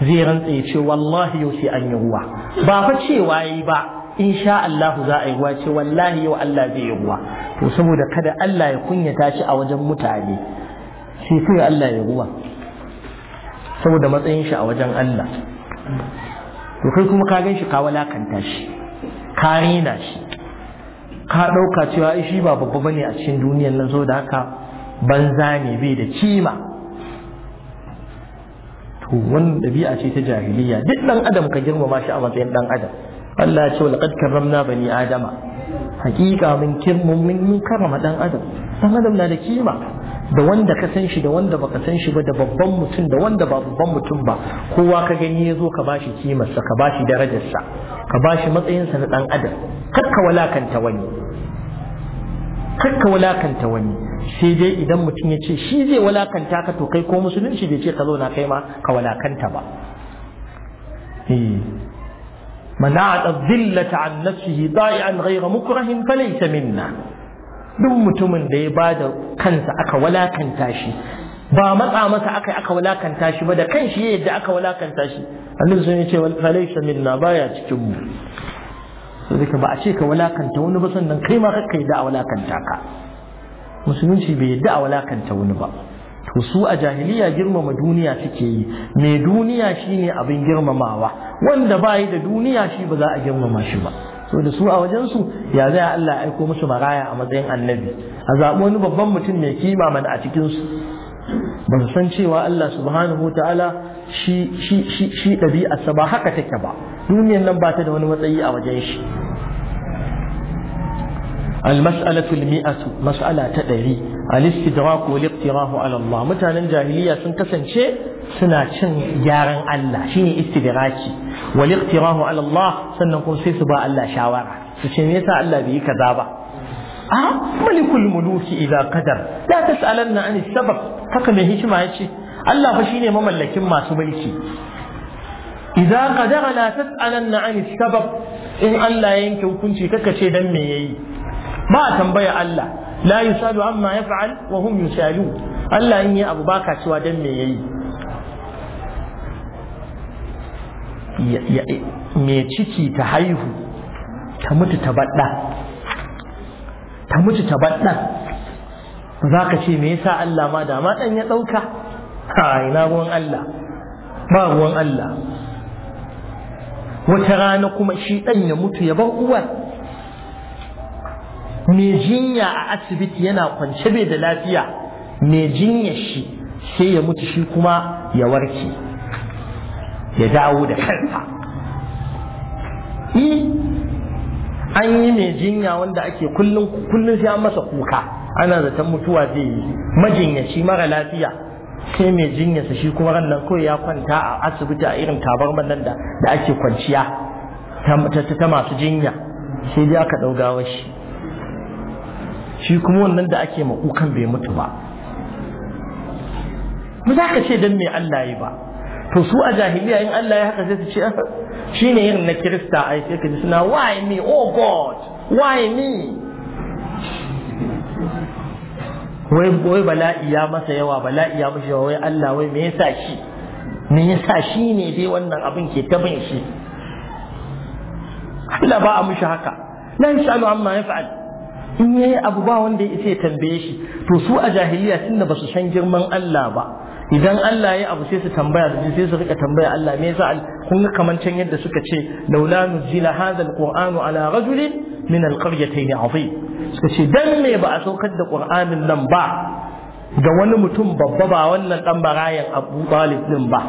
zai rantsa ya ce wallahi yau sai an yi ruwa ba fa cewa yi ba insha Allah za a yi ruwa ce wallahi yau Allah zai yi ruwa to saboda kada Allah ya kunyata shi a wajen mutane shi sai Allah ya ruwa saboda matsayin shi a wajen Allah to kai kuma ka gan shi ka walakanta shi ka rina shi ka ɗauka cewa shi ba babba bane a cikin duniyar nan so da haka banza ne bai da kima to wannan ɗabi'a ce ta jahiliya duk ɗan adam ka girmama shi a matsayin ɗan adam Allah ya ce wa laqad karramna bani adama hakika mun kirmun mun karama dan adam dan adam na da kima da wanda ka san shi da wanda baka san shi ba da babban mutum da wanda ba babban mutum ba kowa ka gani ya zo ka bashi kimarsa ka bashi darajarsa ka bashi matsayinsa na dan adam kakka walakanta wani kakka walakanta wani sai dai idan mutum ya ce shi zai walakanta ka to kai ko musulunci bai ce ka zo na kai ma ka walakanta ba eh. من عاد الذلة عن نفسه ضائعا غير مكره فليس منا دم متمن ده بعد كنس أكا ولا كنتاشي با مطع مطع أكا أكا ولا كنتاشي بدا كنش يد أكا ولا كنتاشي النزل يتي فليس منا بايا تكم ذلك بأشيك ولا كنت ونبصن من قيمة كي دع ولا كنتاكا مسلمين شي بيد دع ولا كنت ونبصن to su a jahiliya girmama duniya suke yi mai duniya shine abin girmamawa wanda bayi da duniya shi ba za a girmama shi ba so da su a wajensu ya zai Allah aiko musu maraya a matsayin annabi a zaɓi wani babban mutum mai kima mana a cikinsu ba su san cewa Allah subhanahu ta'ala shi shi shi shi ɗabi'arsa ba haka take ba duniyar nan ba ta da wani matsayi a wajen shi المسألة المئة ta ɗari. al-istidraku wal ala Allah mutanen jahiliya sun kasance suna cin gyaran Allah shine istidraki wal iqtirahu ala Allah sannan kuma sai su ba Allah shawara su ce me yasa Allah bai yi kaza ba a ah, malikul muluki idza qadar la tasalanna an sabab haka mai hikima yace Allah fa shine mamallakin masu mulki idza qadara la tasalanna an sabab in Allah yanke hukunci kaka ce dan me yayi ba tambaya Allah la yusalu amma yaf'al wa hum yusalu Allah in yi abu baka cewa dan me yayi me ciki ta haihu ta mutu ta badda ta za ka ce me yasa Allah ma da ma dan ya dauka ha ina ruwan Allah ba ruwan Allah wata rana kuma shi ɗan ya mutu ya bar uwar mai jinya a asibiti yana kwance bai da lafiya mai jinya shi sai ya mutu shi kuma ya warke ya dawo da kansa an yi mai jinya wanda ake kullum kullum sai masa kuka ana zaton mutuwa zai yi majinyaci mara lafiya sai mai jinyarsa shi kuma ran nan kawai ya kwanta a asibiti a irin tabarman nan da ake kwanciya ta masu jinya sai dai aka ɗaugawa shi shi kuma wannan da ake makukan bai mutu ba ba za ka ce don me Allah yi ba to su a jahiliya in Allah ya haka sai su ce ah, shi ne irin na kirista a yake ka ji suna why me oh god why me wai wai bala'i ya masa yawa bala'i ya mashi yawa wai Allah wai me yasa shi me yasa shi ne dai wannan abin ke ta bin shi Allah ba a mushi haka la yasalu amma fa'al in ya yi abu ba wanda ya isa ya tambaye shi to su a jahiliya tunda basu san girman Allah ba idan Allah ya abu sai su tambaya su sai su rika tambaya Allah me yasa kun ga kaman can yadda suka ce laula nuzila hadha alqur'anu ala rajulin min alqaryatayn azim suka ce dan me ba a saukar da qur'anin nan ba ga wani mutum babba ba wannan dan barayan Abu Talib din ba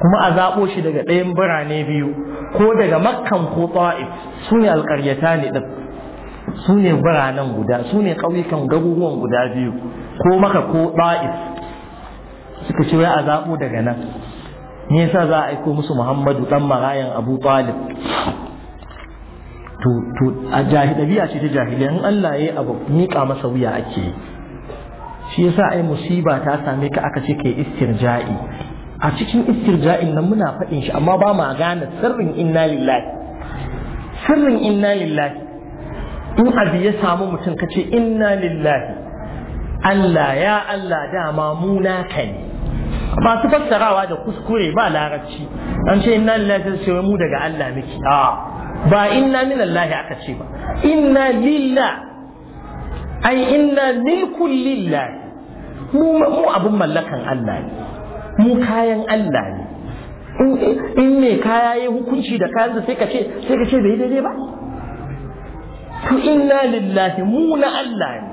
kuma a zaɓo shi daga ɗayan birane biyu ko daga makkan ko ta'if su ne alƙaryata ne ɗin su ne biranen guda su ne ƙauyukan garuruwan guda biyu ko maka ko ba'if suka ce wai a zaɓo daga nan me yasa za a aiko musu muhammadu dan marayan abu talib to to a jahiliya ce ta jahiliya in allah ya abu miƙa masa wuya ake yi shi yasa ai musiba ta same ka aka ce kai istirja'i a cikin istirja'in nan muna faɗin shi amma ba ma gane sirrin inna lillahi sirrin inna lillahi in abu ya samu mutum ka ce inna lillahi Allah ya Allah dama mu naka ne masu fassarawa da kuskure ba larabci an ce inna lillahi sai ce mu daga Allah miki a ba inna minallahi aka ce ba inna lillah ai inna milkul lillah mu mu abun mallakan Allah ne mu kayan Allah ne in me kaya yayi hukunci da kayan sai ka ce sai ka ce bai daidai ba to inna lillahi mu na Allah ne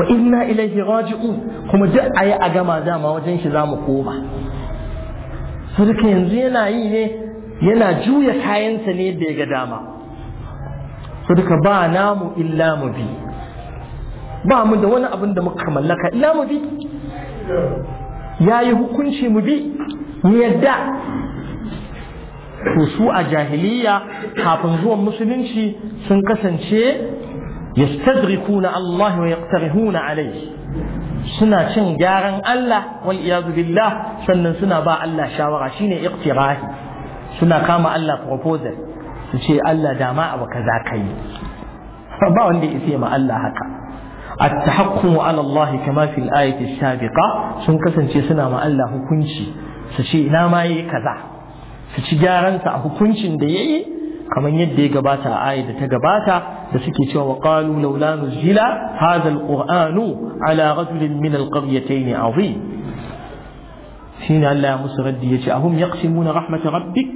wa inna ilaihi raji'un kuma duk ayi a gama dama wajen shi zamu koma sadaka yanzu yana yi ne yana juya kayansa ne da ya ga dama sadaka ba namu illa mu bi ba mu da wani abin da muka mallaka illa mu bi ya yi hukunci mu bi mu yadda to su a jahiliya kafin zuwan musulunci sun kasance na Allah wa na alai. suna cin gyaran Allah wal iyazu billah sannan suna ba Allah shawara shine iqtirahi suna kama Allah proposal su ce Allah dama abu kaza kai ba wanda ya ma Allah haka التحكم على الله كما في الآية السابقة سنكسن شيء سنة ما الله كنشي سشيء لا ما يكذا su ci gyaransa a hukuncin da yayi kamar yadda ya gabata a ayat da ta gabata da suke cewa wa qalu laula nuzila hadha alquranu ala rajulin min alqaryatayn azim shine Allah ya musu raddi yace ahum yaqsimuna rahmat rabbik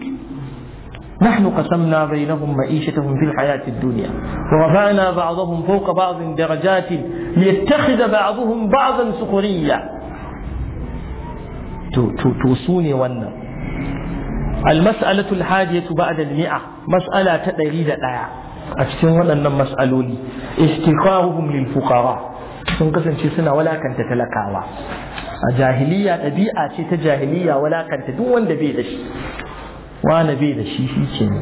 نحن قسمنا بينهم معيشتهم في الحياة الدنيا ورفعنا بعضهم فوق بعض درجات ليتخذ بعضهم بعضا سخريا توصوني وانا ta ɗari da ɗaya. A cikin waɗannan أشتم ولن مسألولي احتقارهم للفقراء sun kasance suna walakanta talakawa a jahiliya ɗabi'a ce ta jahiliya walakanta duk wanda bai da shi wani bai da shi shi ne.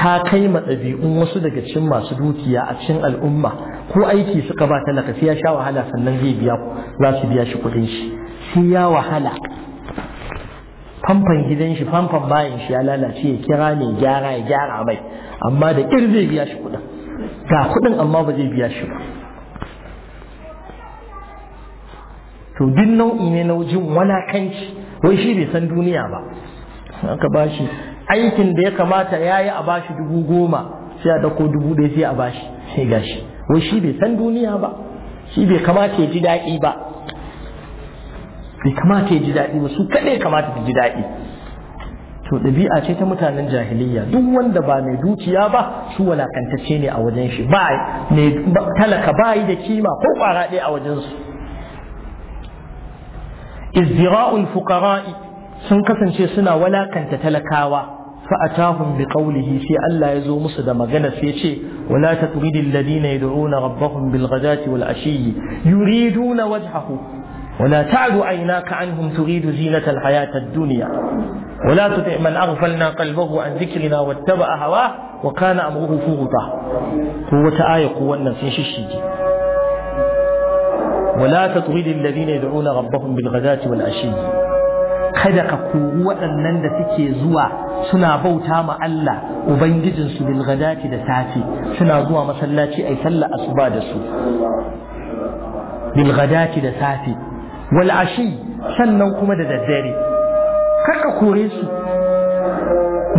ta kai ɗabi'un wasu daga cikin masu dukiya a cikin al'umma ko aiki suka ba talaka sai ya sha wahala sannan zai biya za su biya shi kuɗin shi sai ya wahala famfan gidan shi famfan bayan shi ya lalace ya kira ne gyara ya gyara mai amma da ƙir zai biya shi kuɗin ga kuɗin amma ba zai biya shi ba to duk nau'i ne na wajen walakanci wai shi bai san duniya ba aka bashi aikin da ya kamata ya yi a bashi dubu goma sai a dako dubu ɗaya sai a bashi sai gashi wai shi bai san duniya ba shi bai kamata ya ji daɗi ba bai kamata ya ji daɗi ba su kaɗai kamata su ji daɗi to ɗabi'a ce ta mutanen jahiliya duk wanda ba mai dukiya ba su walakantacce ne a wajen shi ba mai talaka bayi da kima ko ƙwara ɗaya a wajen su izdira'ul fuqara'i sun kasance suna walakanta talakawa فأتاهم بقوله في ألا يزوم مصد مغنى سيشي ولا تطرد الذين يدعون ربهم بالغداة والعشي يريدون وجهه ولا تعد عيناك عنهم تريد زينة الحياة الدنيا ولا تطع من أغفلنا قلبه عن ذكرنا واتبع هواه وكان أمره فرطا قوة آية قوة النفس يششجي ولا تطغي للذين يدعون ربهم بالغداة والعشي kada قوة kori waɗannan زوا سنا بوتا suna bauta ma Allah Ubangijinsu bilgadati da safe suna zuwa masallaci ai sallah asuba wal ashi sannan kuma da daddare kaka kore su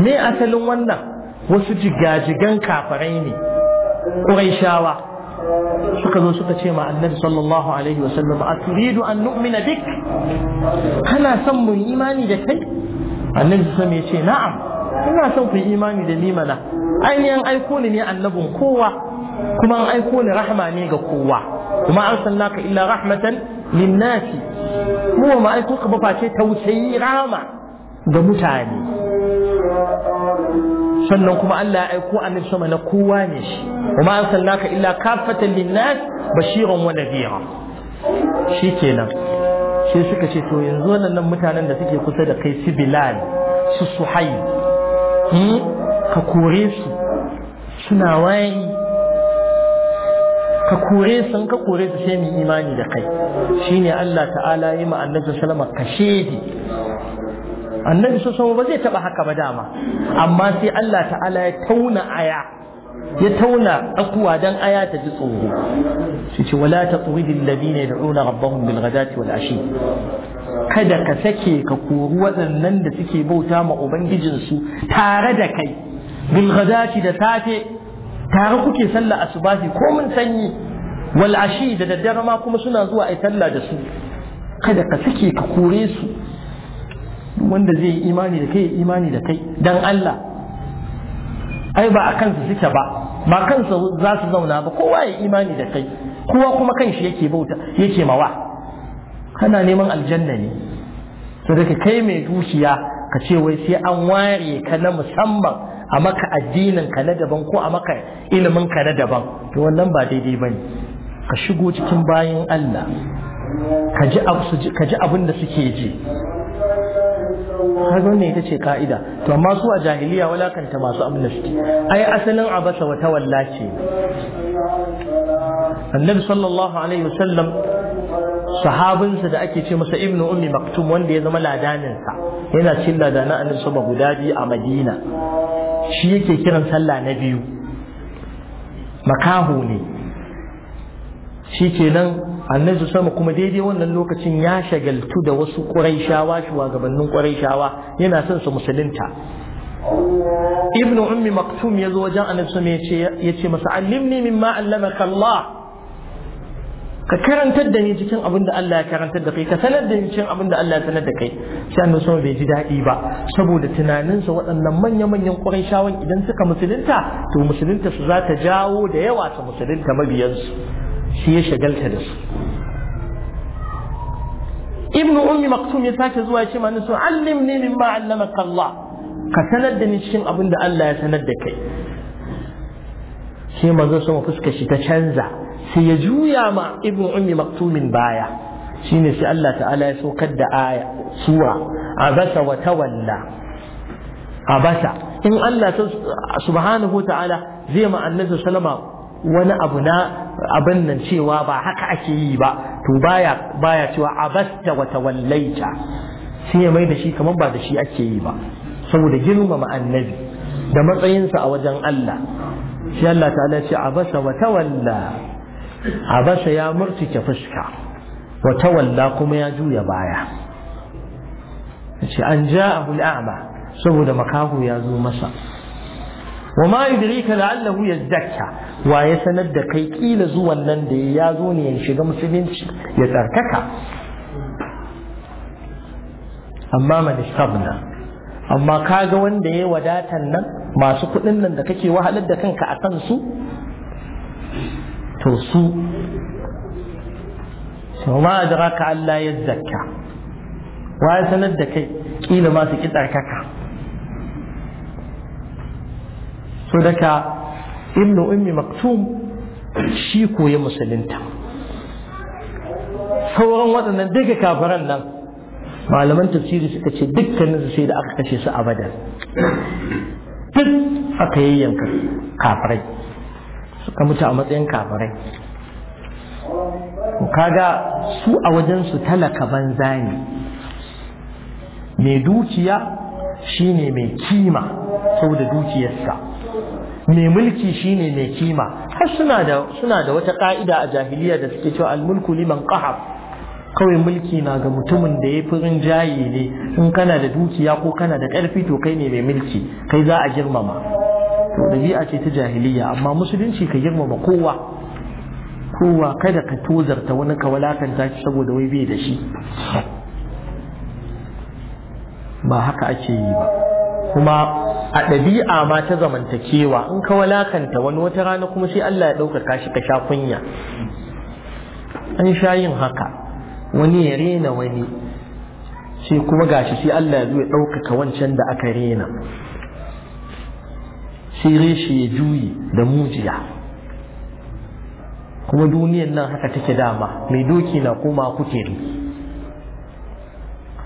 me asalin wannan wasu jigajigan kafarai ne ƙuraishawa suka zo suka ce ma annabi sallallahu alaihi wa sallam a turidu an nu'mina bik kana son mu imani da kai annabi sallallahu ya ce na'am ina son ku imani da ni mana ainihin aiko ni ne annabin kowa kuma an aiko ni rahama ne ga kowa kuma an arsalnaka illa rahmatan linnasi mu ba ma'aikun ka ba wuce tausayi rama ga mutane sannan kuma Allah ya aiko annabi sama na kowa ne shi kuma an ka illa kafatan linnas bashiran wa nadhira shikenan sai suka ce to yanzu wannan mutanen da suke kusa da kai su Bilal su Suhayy ka kore su suna wayi ka kore su ka kore su sai mu imani da kai shine Allah ta'ala yi ma annabi sallama kashedi annabi sallama ba zai taba haka ba dama amma sai Allah ta'ala ya tauna aya ya tauna akuwa dan aya ta ji tsoro shi ce wala taqwidil ladina yad'una rabbahum bil ghadati wal ashi kada ka sake ka kori waɗannan da suke bauta ma ubangijinsu tare da kai bil ghadati da safe tare kuke sallah asubahi ko mun sanyi wal ashi da daddare ma kuma suna zuwa ai sallah da su kada ka sake ka kore su wanda zai yi imani da kai imani da kai dan Allah ai ba a kansa suke ba ba kansa za su zauna ba kowa ya imani da kai kowa kuma kanshi yake bauta yake mawa kana neman aljanna ne to kai mai dukiya ka ce wai sai an ware ka na musamman a maka addinin ka na daban ko a maka ilimin ka na daban to wannan ba daidai bane ka shigo cikin bayan Allah ka ji abin da suke ji har wannan ita ce ka'ida to amma su a jahiliya walakanta masu amnesty ai asalin abasa wa tawalla ce annabi sallallahu alaihi wasallam sahabinsa da ake ce masa ibnu ummi maktum wanda ya zama ladaninsa yana cin ladana annabi sama guda biyu a madina shi yake kiran sallah na biyu makaho ne shi kenan annabi sama kuma daidai wannan lokacin ya shagaltu da wasu ƙuraishawa shugabannin ƙuraishawa yana son su musulunta ibnu ummi maktum ya zo wajen annabi sama ya ce masa allimni min allamaka Allah ka karantar da ni cikin abin da Allah ya karantar da kai ka sanar da ni cikin abin da Allah ya sanar da kai shi annabi sama bai ji daɗi ba saboda tunaninsa waɗannan manya manyan shawan idan suka musulunta to musulunta su za ta jawo da yawa ta musulunta mabiyansu shi ya shagalta da su ibnu ummi maktum ya sake zuwa ya ce manzo allimni mimma allamaka Allah ka sanar da ni cikin abin da Allah ya sanar da kai sai manzo sama fuskar shi ta canza sai ya juya ma ibn ummi maktumin baya shine sai Allah ta'ala ya saukar da aya sura abasa wa tawalla abasa in Allah subhanahu ta'ala zai ma annabi sallama wani abu na abin nan cewa ba haka ake yi ba to baya baya cewa abasta wa tawallaita sai ya mai da shi kamar ba da shi ake yi ba saboda girmama annabi da matsayinsa a wajen Allah shi Allah ta'ala ce abasa wa tawalla habasha ya murtuke fuska wa tawalla kuma ya juya baya yace an a al'ama saboda makahu ya zo masa wa ma yudrika la'allahu yazdakka wa ya sanar da kai kila zuwan nan da ya zo ne ya shiga musulunci ya tsarkaka amma man istaghna amma kaga wanda ya wadatan nan masu kuɗin nan da kake wahalar da kanka a su? to su ma adraka Allah ya zakka wa ya sanar da kai kila ma su ki tsarkaka so daga ibnu ummi maktum shi koyi musulunta sauran waɗannan duka kafiran nan malaman tafsiri suka ce dukkanin su sai da aka kashe su abadan duk aka yayyanka kafirai suka mutu a matsayin kafirai ga su a wajensu talaka banza ne mai dukiya shine mai kima saboda dukiyarsa mai mulki shine mai kima har suna da wata ƙa'ida a jahiliya da suke cewa al-mulku liman qahab kawai mulki na ga mutumin da ya fi rinjaye ne in kana da dukiya ko kana da ƙarfi to kai ne mai mulki kai za a girmama ɗabi'a ce ta jahiliya amma musulunci ka girmama kowa kowa kada ka tozarta wani ka walakanta shi saboda wai bai da shi ba haka ake yi ba kuma a ɗabi'a ma ta zamantakewa in ka walakanta wani wata rana kuma sai Allah ya ɗaukaka shi ka sha kunya an sha yin haka wani ya rena wani sai kuma gashi sai Allah ya zo ya ɗaukaka wancan da aka rena sai shi ya juyi da mujiya kuma duniyan nan haka take dama mai doki na koma kuke ne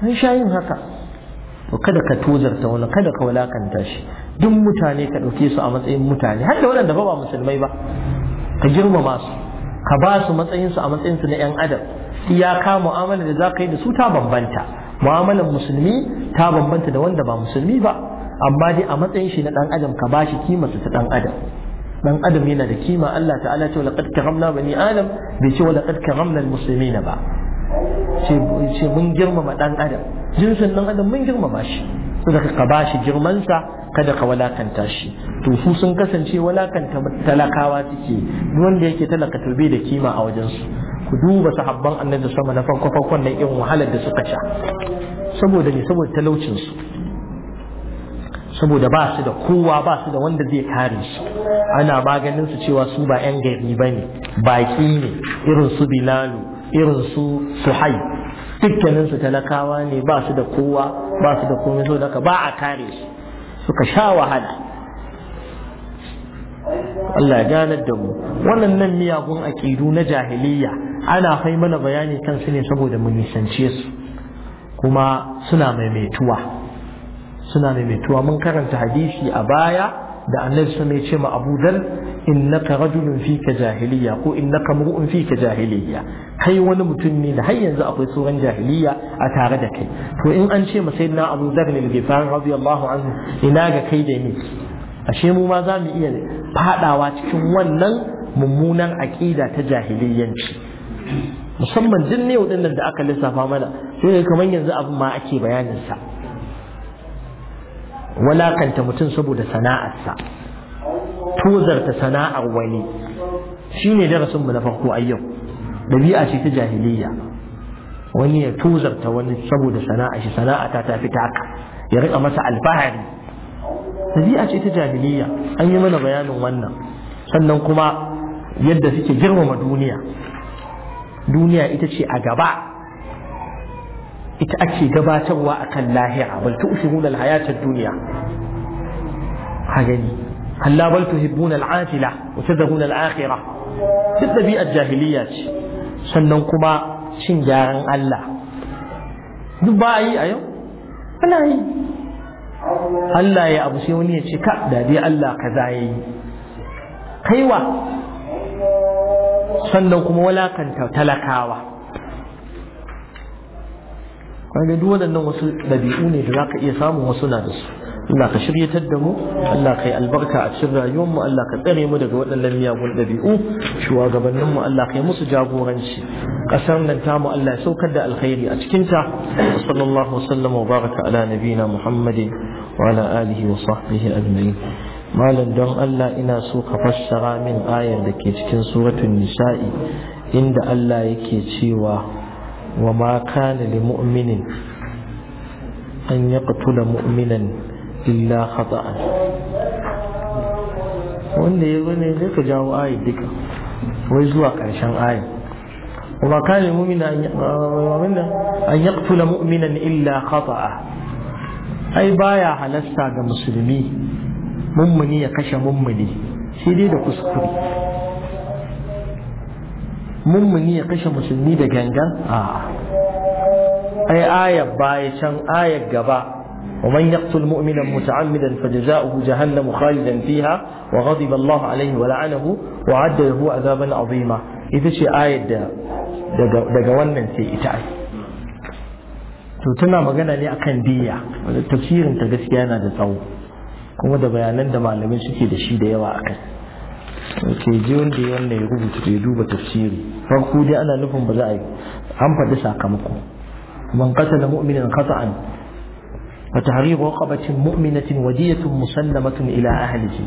an sha yin haka to kada ka tozarta wani kada ka walakanta shi duk mutane ka ɗauke su a matsayin mutane har da waɗanda ba ba musulmai ba ka girmama su ka ba su matsayin su a matsayin su na 'yan adam iyaka mu'amala da za ka yi da su ta bambanta mu'amalar musulmi ta bambanta da wanda ba musulmi ba amma dai a matsayin shi na dan adam ka bashi kima su ta dan adam dan adam yana da kima Allah ta'ala ce qad karamna bani adam bai ce qad karamna almuslimina ba ce mun girmama dan adam jinsin dan adam mun girmama shi saboda ka bashi girman sa kada ka walakanta shi to su sun kasance walakanta talakawa suke wanda yake talaka tobe bai da kima a wajen su ku duba sahabban annabi sama na farko farkon da irin wahalar da suka sha saboda ne saboda talaucin su saboda ba su da kowa ba su da wanda zai kare su ana maganin su cewa su ba 'yan gari ba ne baƙi ne irin su bilalu irin su suhai dukkanin su talakawa ne ba su da kowa ba su da komai so daga ba a kare su suka sha wahala Allah ganar da mu waɗannan miyagun aƙidu na jahiliya ana fai mana bayani kan su ne saboda mu nisance su kuma suna maimaituwa suna maimaituwa mun karanta hadisi a baya da annabi sun ya ce ma Abu Dhar innaka rajulun fika jahiliya ko innaka mar'un fika jahiliya kai wani mutum ne da har yanzu akwai sauran jahiliya a tare da kai to in an ce ma sayyidina Abu Dhar ne al-Ghifari radiyallahu anhu ina ga kai da ni ashe mu ma za mu iya fadawa cikin wannan mummunan aqida ta jahiliyanci musamman duk ne da aka lissafa mana sai kamar yanzu abin ma ake bayanin sa walakanta mutum saboda sana'arsa tozarta sana'ar wani shine darasin mu na farko a yau ɗabi'a ce ta jahiliya wani ya tozarta wani saboda sana'a shi sana'a ta tafi taka ya rika masa alfahari dabi'a ce ta jahiliya an yi mana bayanin wannan sannan kuma yadda suke girmama duniya duniya ita ce a gaba ita ake gabatarwa kan lahira bal tu'thiruna al-hayata ad-dunya gani. kalla bal tuhibbuna al-ajila wa tadhuruna al-akhirah duk dabi'ar jahiliya ce sannan kuma cin gyaran Allah duk ba yi a yau ana yi Allah ya abu sai wani ya ce ka da dai Allah ka kaza yayi kaiwa sannan kuma wala kan talakawa kaga duk waɗannan wasu ɗabi'u ne da za ka iya samun wasu na da su Allah ka shiryatar da mu Allah ka yi albarka a cikin rayuwar mu Allah ka tsare mu daga waɗannan miyagun ɗabi'u shugabannin mu Allah ka yi musu jagoranci ƙasar nan tamu Allah ya saukar da alkhairi a cikin ta sallallahu wasallam wa baraka ala nabiyina Muhammadin wa ala alihi wa sahbihi ajma'in malam don Allah ina so ka fassara min ayar da ke cikin suratul nisa'i inda Allah yake cewa وما كان لمؤمن أن يقتل مؤمنا إلا خطأ wanda ya zane zai ka jawo ayi duka wai zuwa karshen ayi wa ka an yi ƙtula mu'minan illa khata'a ai baya halasta ga musulmi mummuni ya kashe mummuni sai dai da kuskure mummuni ya kashe musulmi da gangan a ai ayar baya can ayar gaba ومن يقتل مؤمنا متعمدا فجزاؤه جهنم خالدا فيها وغضب الله عليه ولعنه وعد له عذابا عظيما ita ce ayar da daga wannan sai ita ai to tana magana ne akan diya wanda tafsirin ta gaskiya yana da tsawo kuma da bayanan da malamai suke da shi da yawa akai ke ji wanda wannan ya rubuta ya duba tafsiri farko dai ana nufin ba za a yi an faɗi sakamako man qatala mu'minan qata'an wa tahriru raqabatin mu'minatin wadiyatun musallamatun ila ahlihi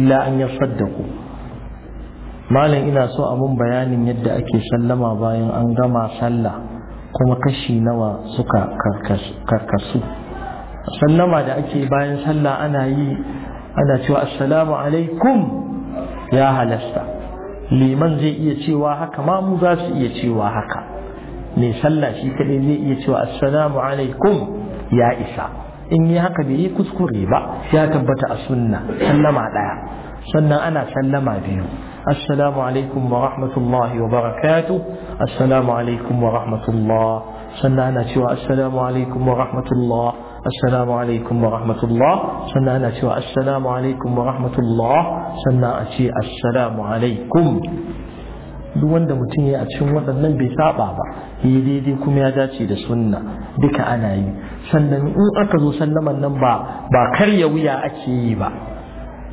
illa an yasaddaqu malam ina so a mun bayanin yadda ake sallama bayan an gama sallah kuma kashi nawa suka karkasu sallama da ake bayan sallah ana yi ana cewa assalamu alaikum ya halasta liman zai iya cewa haka mamu za su iya cewa haka mai sallah shi kadai zai iya cewa assalamu alaikum ya isa in yi haka bai yi kuskure ba ya tabbata a sunna sallama ɗaya sannan ana sallama biyu assalamu alaikum wa rahmatullahi wa barakatu assalamu alaikum wa rahmatullah sannan ana cewa assalamu alaikum wa rahmatullah assalamu alaikum wa rahmatullah sannan ana cewa assalamu alaikum wa rahmatullah sannan a ce assalamu alaikum duk wanda mutum ya a cikin waɗannan bai saba ba yi daidai kuma ya dace da sunna duka ana yi sannan in aka zo sallaman nan ba ba karya wuya ake yi ba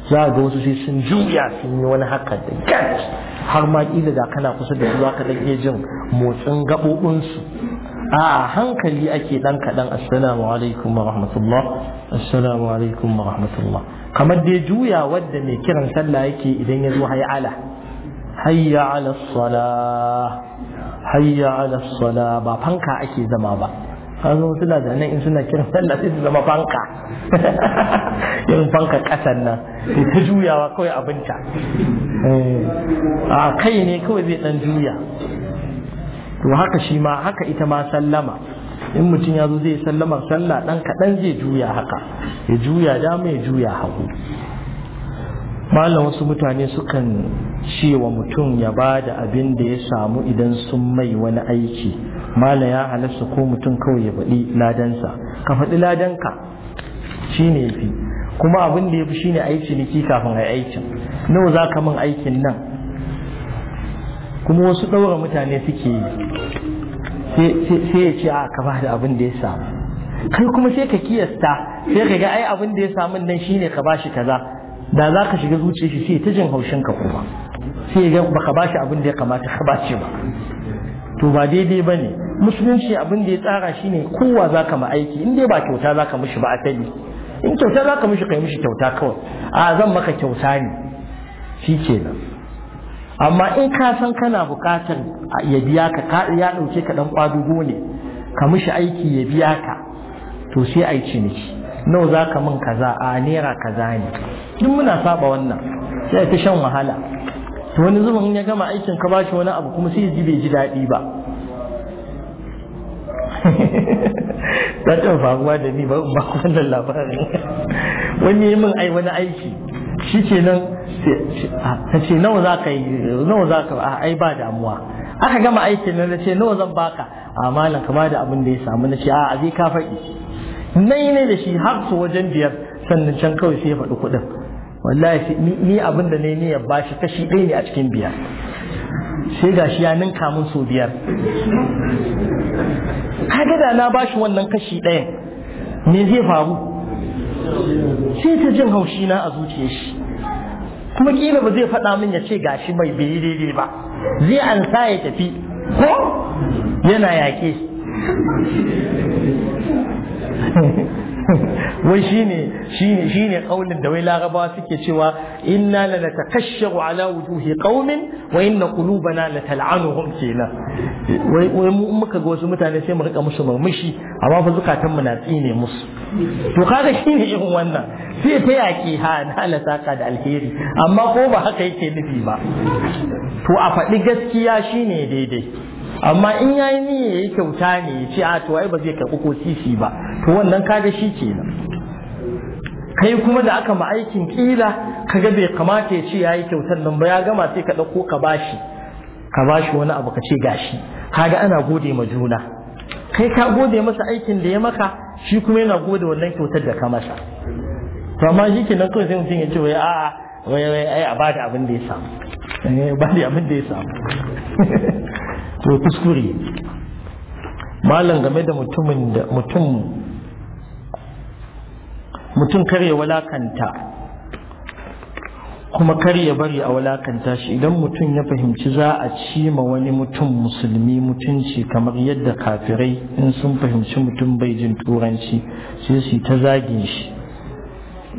za ga wasu sai sun juya sun yi wani haka da gat har ma kila da kana kusa da zuwa ka ɗan iya jin motsin gaɓoɓinsu a hankali ake dan kaɗan assalamu alaikum wa rahmatullah assalamu alaikum wa rahmatullah kamar dai juya wadda mai kiran sallah yake idan ya zo hayala hayya ala salah hayya ala salah ba fanka ake zama ba kazo suna da nan in suna kiran sallah sai su zama fanka *laughs* irin fanka kasan nan sai ta juyawa kawai abinta eh, a kai ne kawai zai dan juya to haka shi ma haka ita ma sallama in mutum ya zo zai sallamar sallah dan kaɗan zai juya haka ya juya dama ya juya hagu malam wasu mutane sukan ce wa mutum ya ba da abin da ya samu idan sun mai wani aiki malam ya halasta ko mutum kawai ya faɗi ladansa ka faɗi ladanka shi ne fi kuma abin da ya fi shine aiki niki kafin a aikin nawa za ka min aikin nan kuma wasu ɗaura mutane suke yi sai ya ce a ah, ka ba da abin da ya samu kai kuma sai ka kiyasta sai ka ga ai abin da ya samu nan shine ka ba shi kaza da za ka shiga zuciya shi sai ta jin haushin ka kuma sai ga ba ka ba shi abin da ya kamata ka ba shi ba to ba daidai ba ne musulunci abin da ya tsara shine kowa za ka ma aiki in dai ba kyauta za ka mishi ba asali in kyauta za ka mishi kai mishi kyauta kawai a zan maka kyauta ne shi kenan amma in ka san kana bukatar ya biya ka ya ɗauke ka ɗan kwadugo ne ka mishi aiki ya biya ka to sai a ci miki nawa zaka ka min kaza a naira kaza ne duk muna saba wannan sai ta shan wahala to wani zubin ya gama aikin ka shi wani abu kuma sai ji bai ji daɗi ba *laughs* ta taɓa faruwa da ni ba ba wannan labarin *laughs* wani yi min ai wani aiki shi ke nan ta ce nawa za ka yi nawa za ka a ai ba damuwa aka gama aikin nan na ce nawa zan baka a malam kama da abin da ya samu na ce a abi ka faɗi nai ne da shi har su wajen biyar sannan can kawai sai ya faɗi kuɗin wallahi ni abin da yi niyyar bashi kashi ɗaya ne a cikin biyar sai ga shi ya ninka min sau biyar kaga da na bashi wannan kashi ɗayan me zai faru sai ta jin haushi na a zuciyar shi kuma kila ba zai faɗa min ya ce gashi mai bai daidai ba zai an sa ya tafi ko yana yaƙe *laughs* wai shine shine shine kaulin da wai larabawa suke cewa inna la natakashsharu ala wujuhi qaumin wa inna qulubana la tal'anuhum kenan wai wai muka ga wasu mutane sai mu rika musu murmushi amma fa zukatan mu na tsine musu to kaga shine irin wannan sai ta yaki ha na la saka da alheri amma ko ba haka yake nufi ba to a faɗi gaskiya shine daidai amma in ya yi niyya yayi kyauta ne ya ce a to ai ba zai karɓi ko sisi ba to wannan kaga shi kenan kai kuma da aka ma aikin kila ka kaga bai kamata ya ce ya yi kyautar nan ba ya gama sai ka ɗauko ka bashi ka bashi wani abu ka ce gashi kaga ana gode ma juna kai ka gode masa aikin da ya maka shi kuma yana gode wannan kyautar da ka masa to amma shi kenan kawai sai mutum ya ce wai a'a wai wai ai a bada abin da ya samu eh ba da abin da ya samu *laughs* to kuskure malam game da mutumin da mutum mutum kare walakanta kuma kar ya bari a walakanta shi idan mutum ya fahimci za a ci ma wani mutum musulmi mutunci kamar yadda kafirai in sun fahimci mutum bai jin turanci sai su ta zagin shi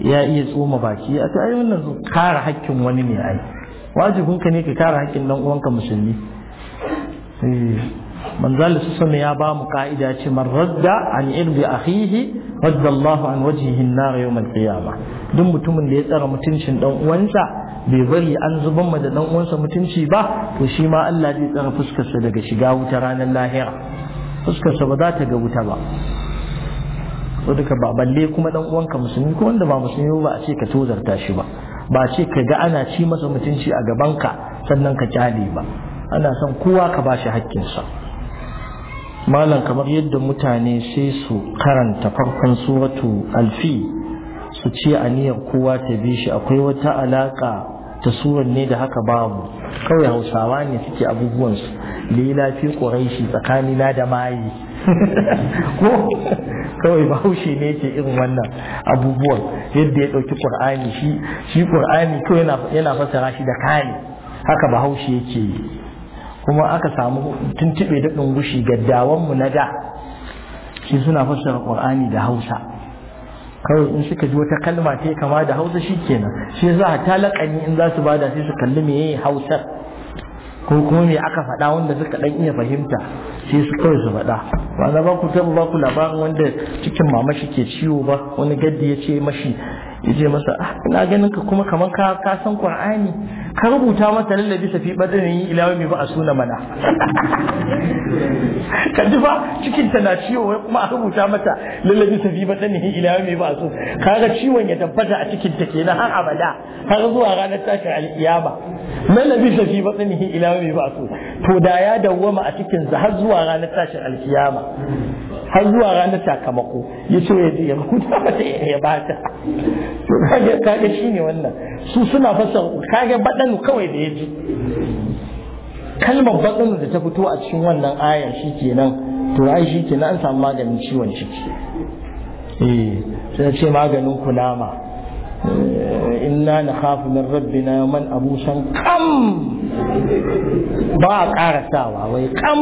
ya iya tsoma baki a ta wannan kare hakkin wani ne ai ka ne ka kare hakkin dan uwanka musulmi eh, manzal sama ya ba mu ka'ida ce man radda an irbi akhihi radda Allahu an wajhihi an-nar yawm al-qiyamah duk mutumin da ya tsara mutuncin dan uwansa bai bari an zuban ma da dan uwansa mutunci ba to shi ma Allah zai tsara fuskarsa daga shiga wuta ranar lahira fuskarsa ba za ta ga wuta ba so duka ba balle kuma dan uwanka musulmi ko wanda ba musulmi ba a ce ka tozarta shi ba ba a ce ka ga ana ci masa mutunci a gaban ka sannan ka jale ba ana son kowa ka bashi hakkin sa. malam kamar yadda mutane sai su karanta farkon suratu alfi su ce aniyar kowa ta bi shi akwai wata alaƙa ta suran ne da haka babu kawai hausawa ne suke abubuwansu lila fi ƙuraishi tsakanina da mayi *laughs* ko kawai bahaushe ne yake irin wannan abubuwan yadda ya ɗauki ƙur'ani shi shi ƙur'ani kawai yana fasara shi da kani haka bahaushe yake yi kuma aka samu tuntuɓe da ɗungushi gaddawanmu na da shi suna fassara ƙur'ani da hausa kawai in suka ji wata kalma ta kama da hausa shi kenan shi za ta talakani in za su bada sai su kalli meye hausar ko kuma me aka faɗa wanda suka ɗan iya fahimta sai su kawai su faɗa ba na ba ku ta ba ku labarin wanda cikin mamashi ke ciwo ba wani gaddi ya ce mashi yace masa ah ina ganin ka kuma kamar ka ka san qur'ani ka rubuta masa lallabi safi badani ilawi mai ba a suna mana *laughs* ka ji ba cikin ta na ciwo wai kuma a rubuta mata lallabi safi badani ilawi mai ba a suna kaga ciwon ya tabbata a cikin ta kenan har abada har zuwa ranar tashin alkiyama lallabi safi badani ilawi mai ba a suna to da ya dawwama a cikin har zuwa ranar tashin alkiyama har zuwa ranar sakamako ya ce ya ya mata *laughs* ya bata to kage kage wannan su suna fasa kage badanu kawai da yaji kalmar badanu da ta fito a cikin wannan ayar shikenan to ai shikenan an samu maganin ciwon ciki eh sai ce maganin kunama inna na hafi min rabbina man abusan kam ba a karasawa wai kam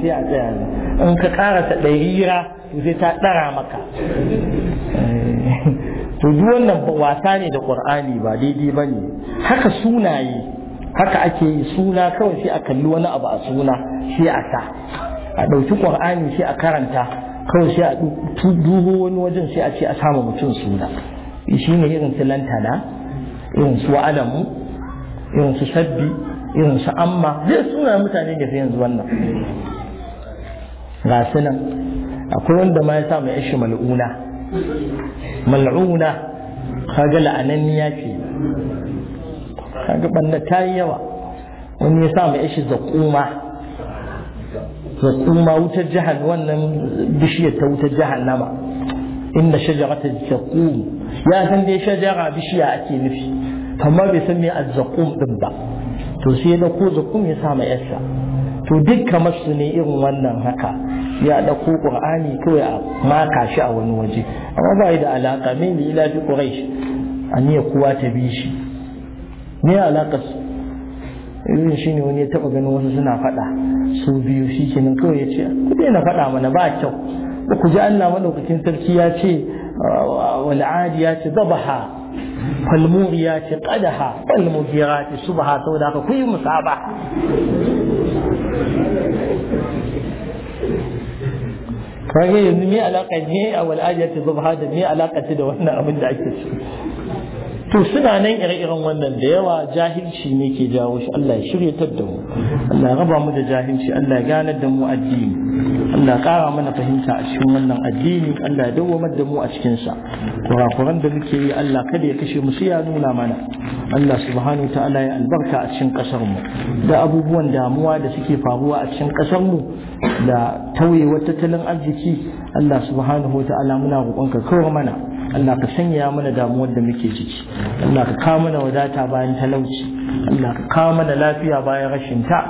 sai a tsaya in ka karasa ɗarira sai ta ɗara maka to duk wannan wasa ne da ƙur'ani ba daidai ba ne haka sunaye haka ake yi suna kawai sai a kalli wani abu a suna sai a sa a ɗauki ƙur'ani sai a karanta kawai sai a dubo wani wajen sai a ce a sama mutum suna shi ne irin su lantana irin su alamu irin su sabbi irin su amma zai suna mutane da yanzu wannan ga su akwai wanda ma ya sa mai ishi mal'una mal'una kaga ya ce kaga banna ta yi yawa wani ya sa mai ishi zakuma zakuma wutar jihar wannan bishiyar ta wutar jihar nama inda shajarata zakum ya san dai shajara bishiya ake nufi amma bai san me azzaqum din ba to sai ya ko zakum ya sa ma yarsa to dukkan masu ne irin wannan haka ya dauko qur'ani kawai a maka shi a wani waje amma ba da alaka min ne ila fi quraish aniya kuwa ta bi shi ne alaka irin shi ne wani ya taba ganin wasu suna faɗa su biyu shi kenan kawai ya ce ku na faɗa mana ba kyau ku ji Allah madaukakin sarki ya ce والعاديات ضبحا والموريات قدحا والمديرات صبحا سودا كل مصابحا فهي مي علاقة مي أو الآية ضبها مي علاقة ده وأنا أبدا أكتشف to suna nan ire-iren wannan da yawa jahilci ne ke jawo shi Allah ya shiryatar da mu Allah ya raba mu da jahilci Allah ya ganar da mu addini Allah ya kara mana fahimta a cikin wannan addini Allah ya dawwamar da mu a cikin sa kurakuran da muke yi Allah kada ya kashe mu sai ya nuna mana Allah subhanahu ta'ala ya albarka a cikin kasar mu da abubuwan damuwa da suke faruwa a cikin kasar mu da tauyewar tattalin arziki Allah subhanahu ta'ala muna roƙonka kawar mana Allah ka sanya mana damuwar da muke ciki Allah ka kawo mana wadata bayan talauci Allah ka kawo mana lafiya bayan rashin ta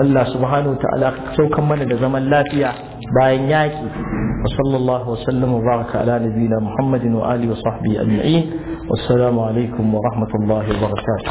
Allah subhanahu ta'ala ka saukan mana da zaman lafiya bayan yaƙi. wa sallallahu wa sallama baraka ala nabiyina Muhammadin wa alihi wa sahbihi ajma'in wassalamu alaikum wa rahmatullahi wa barakatuh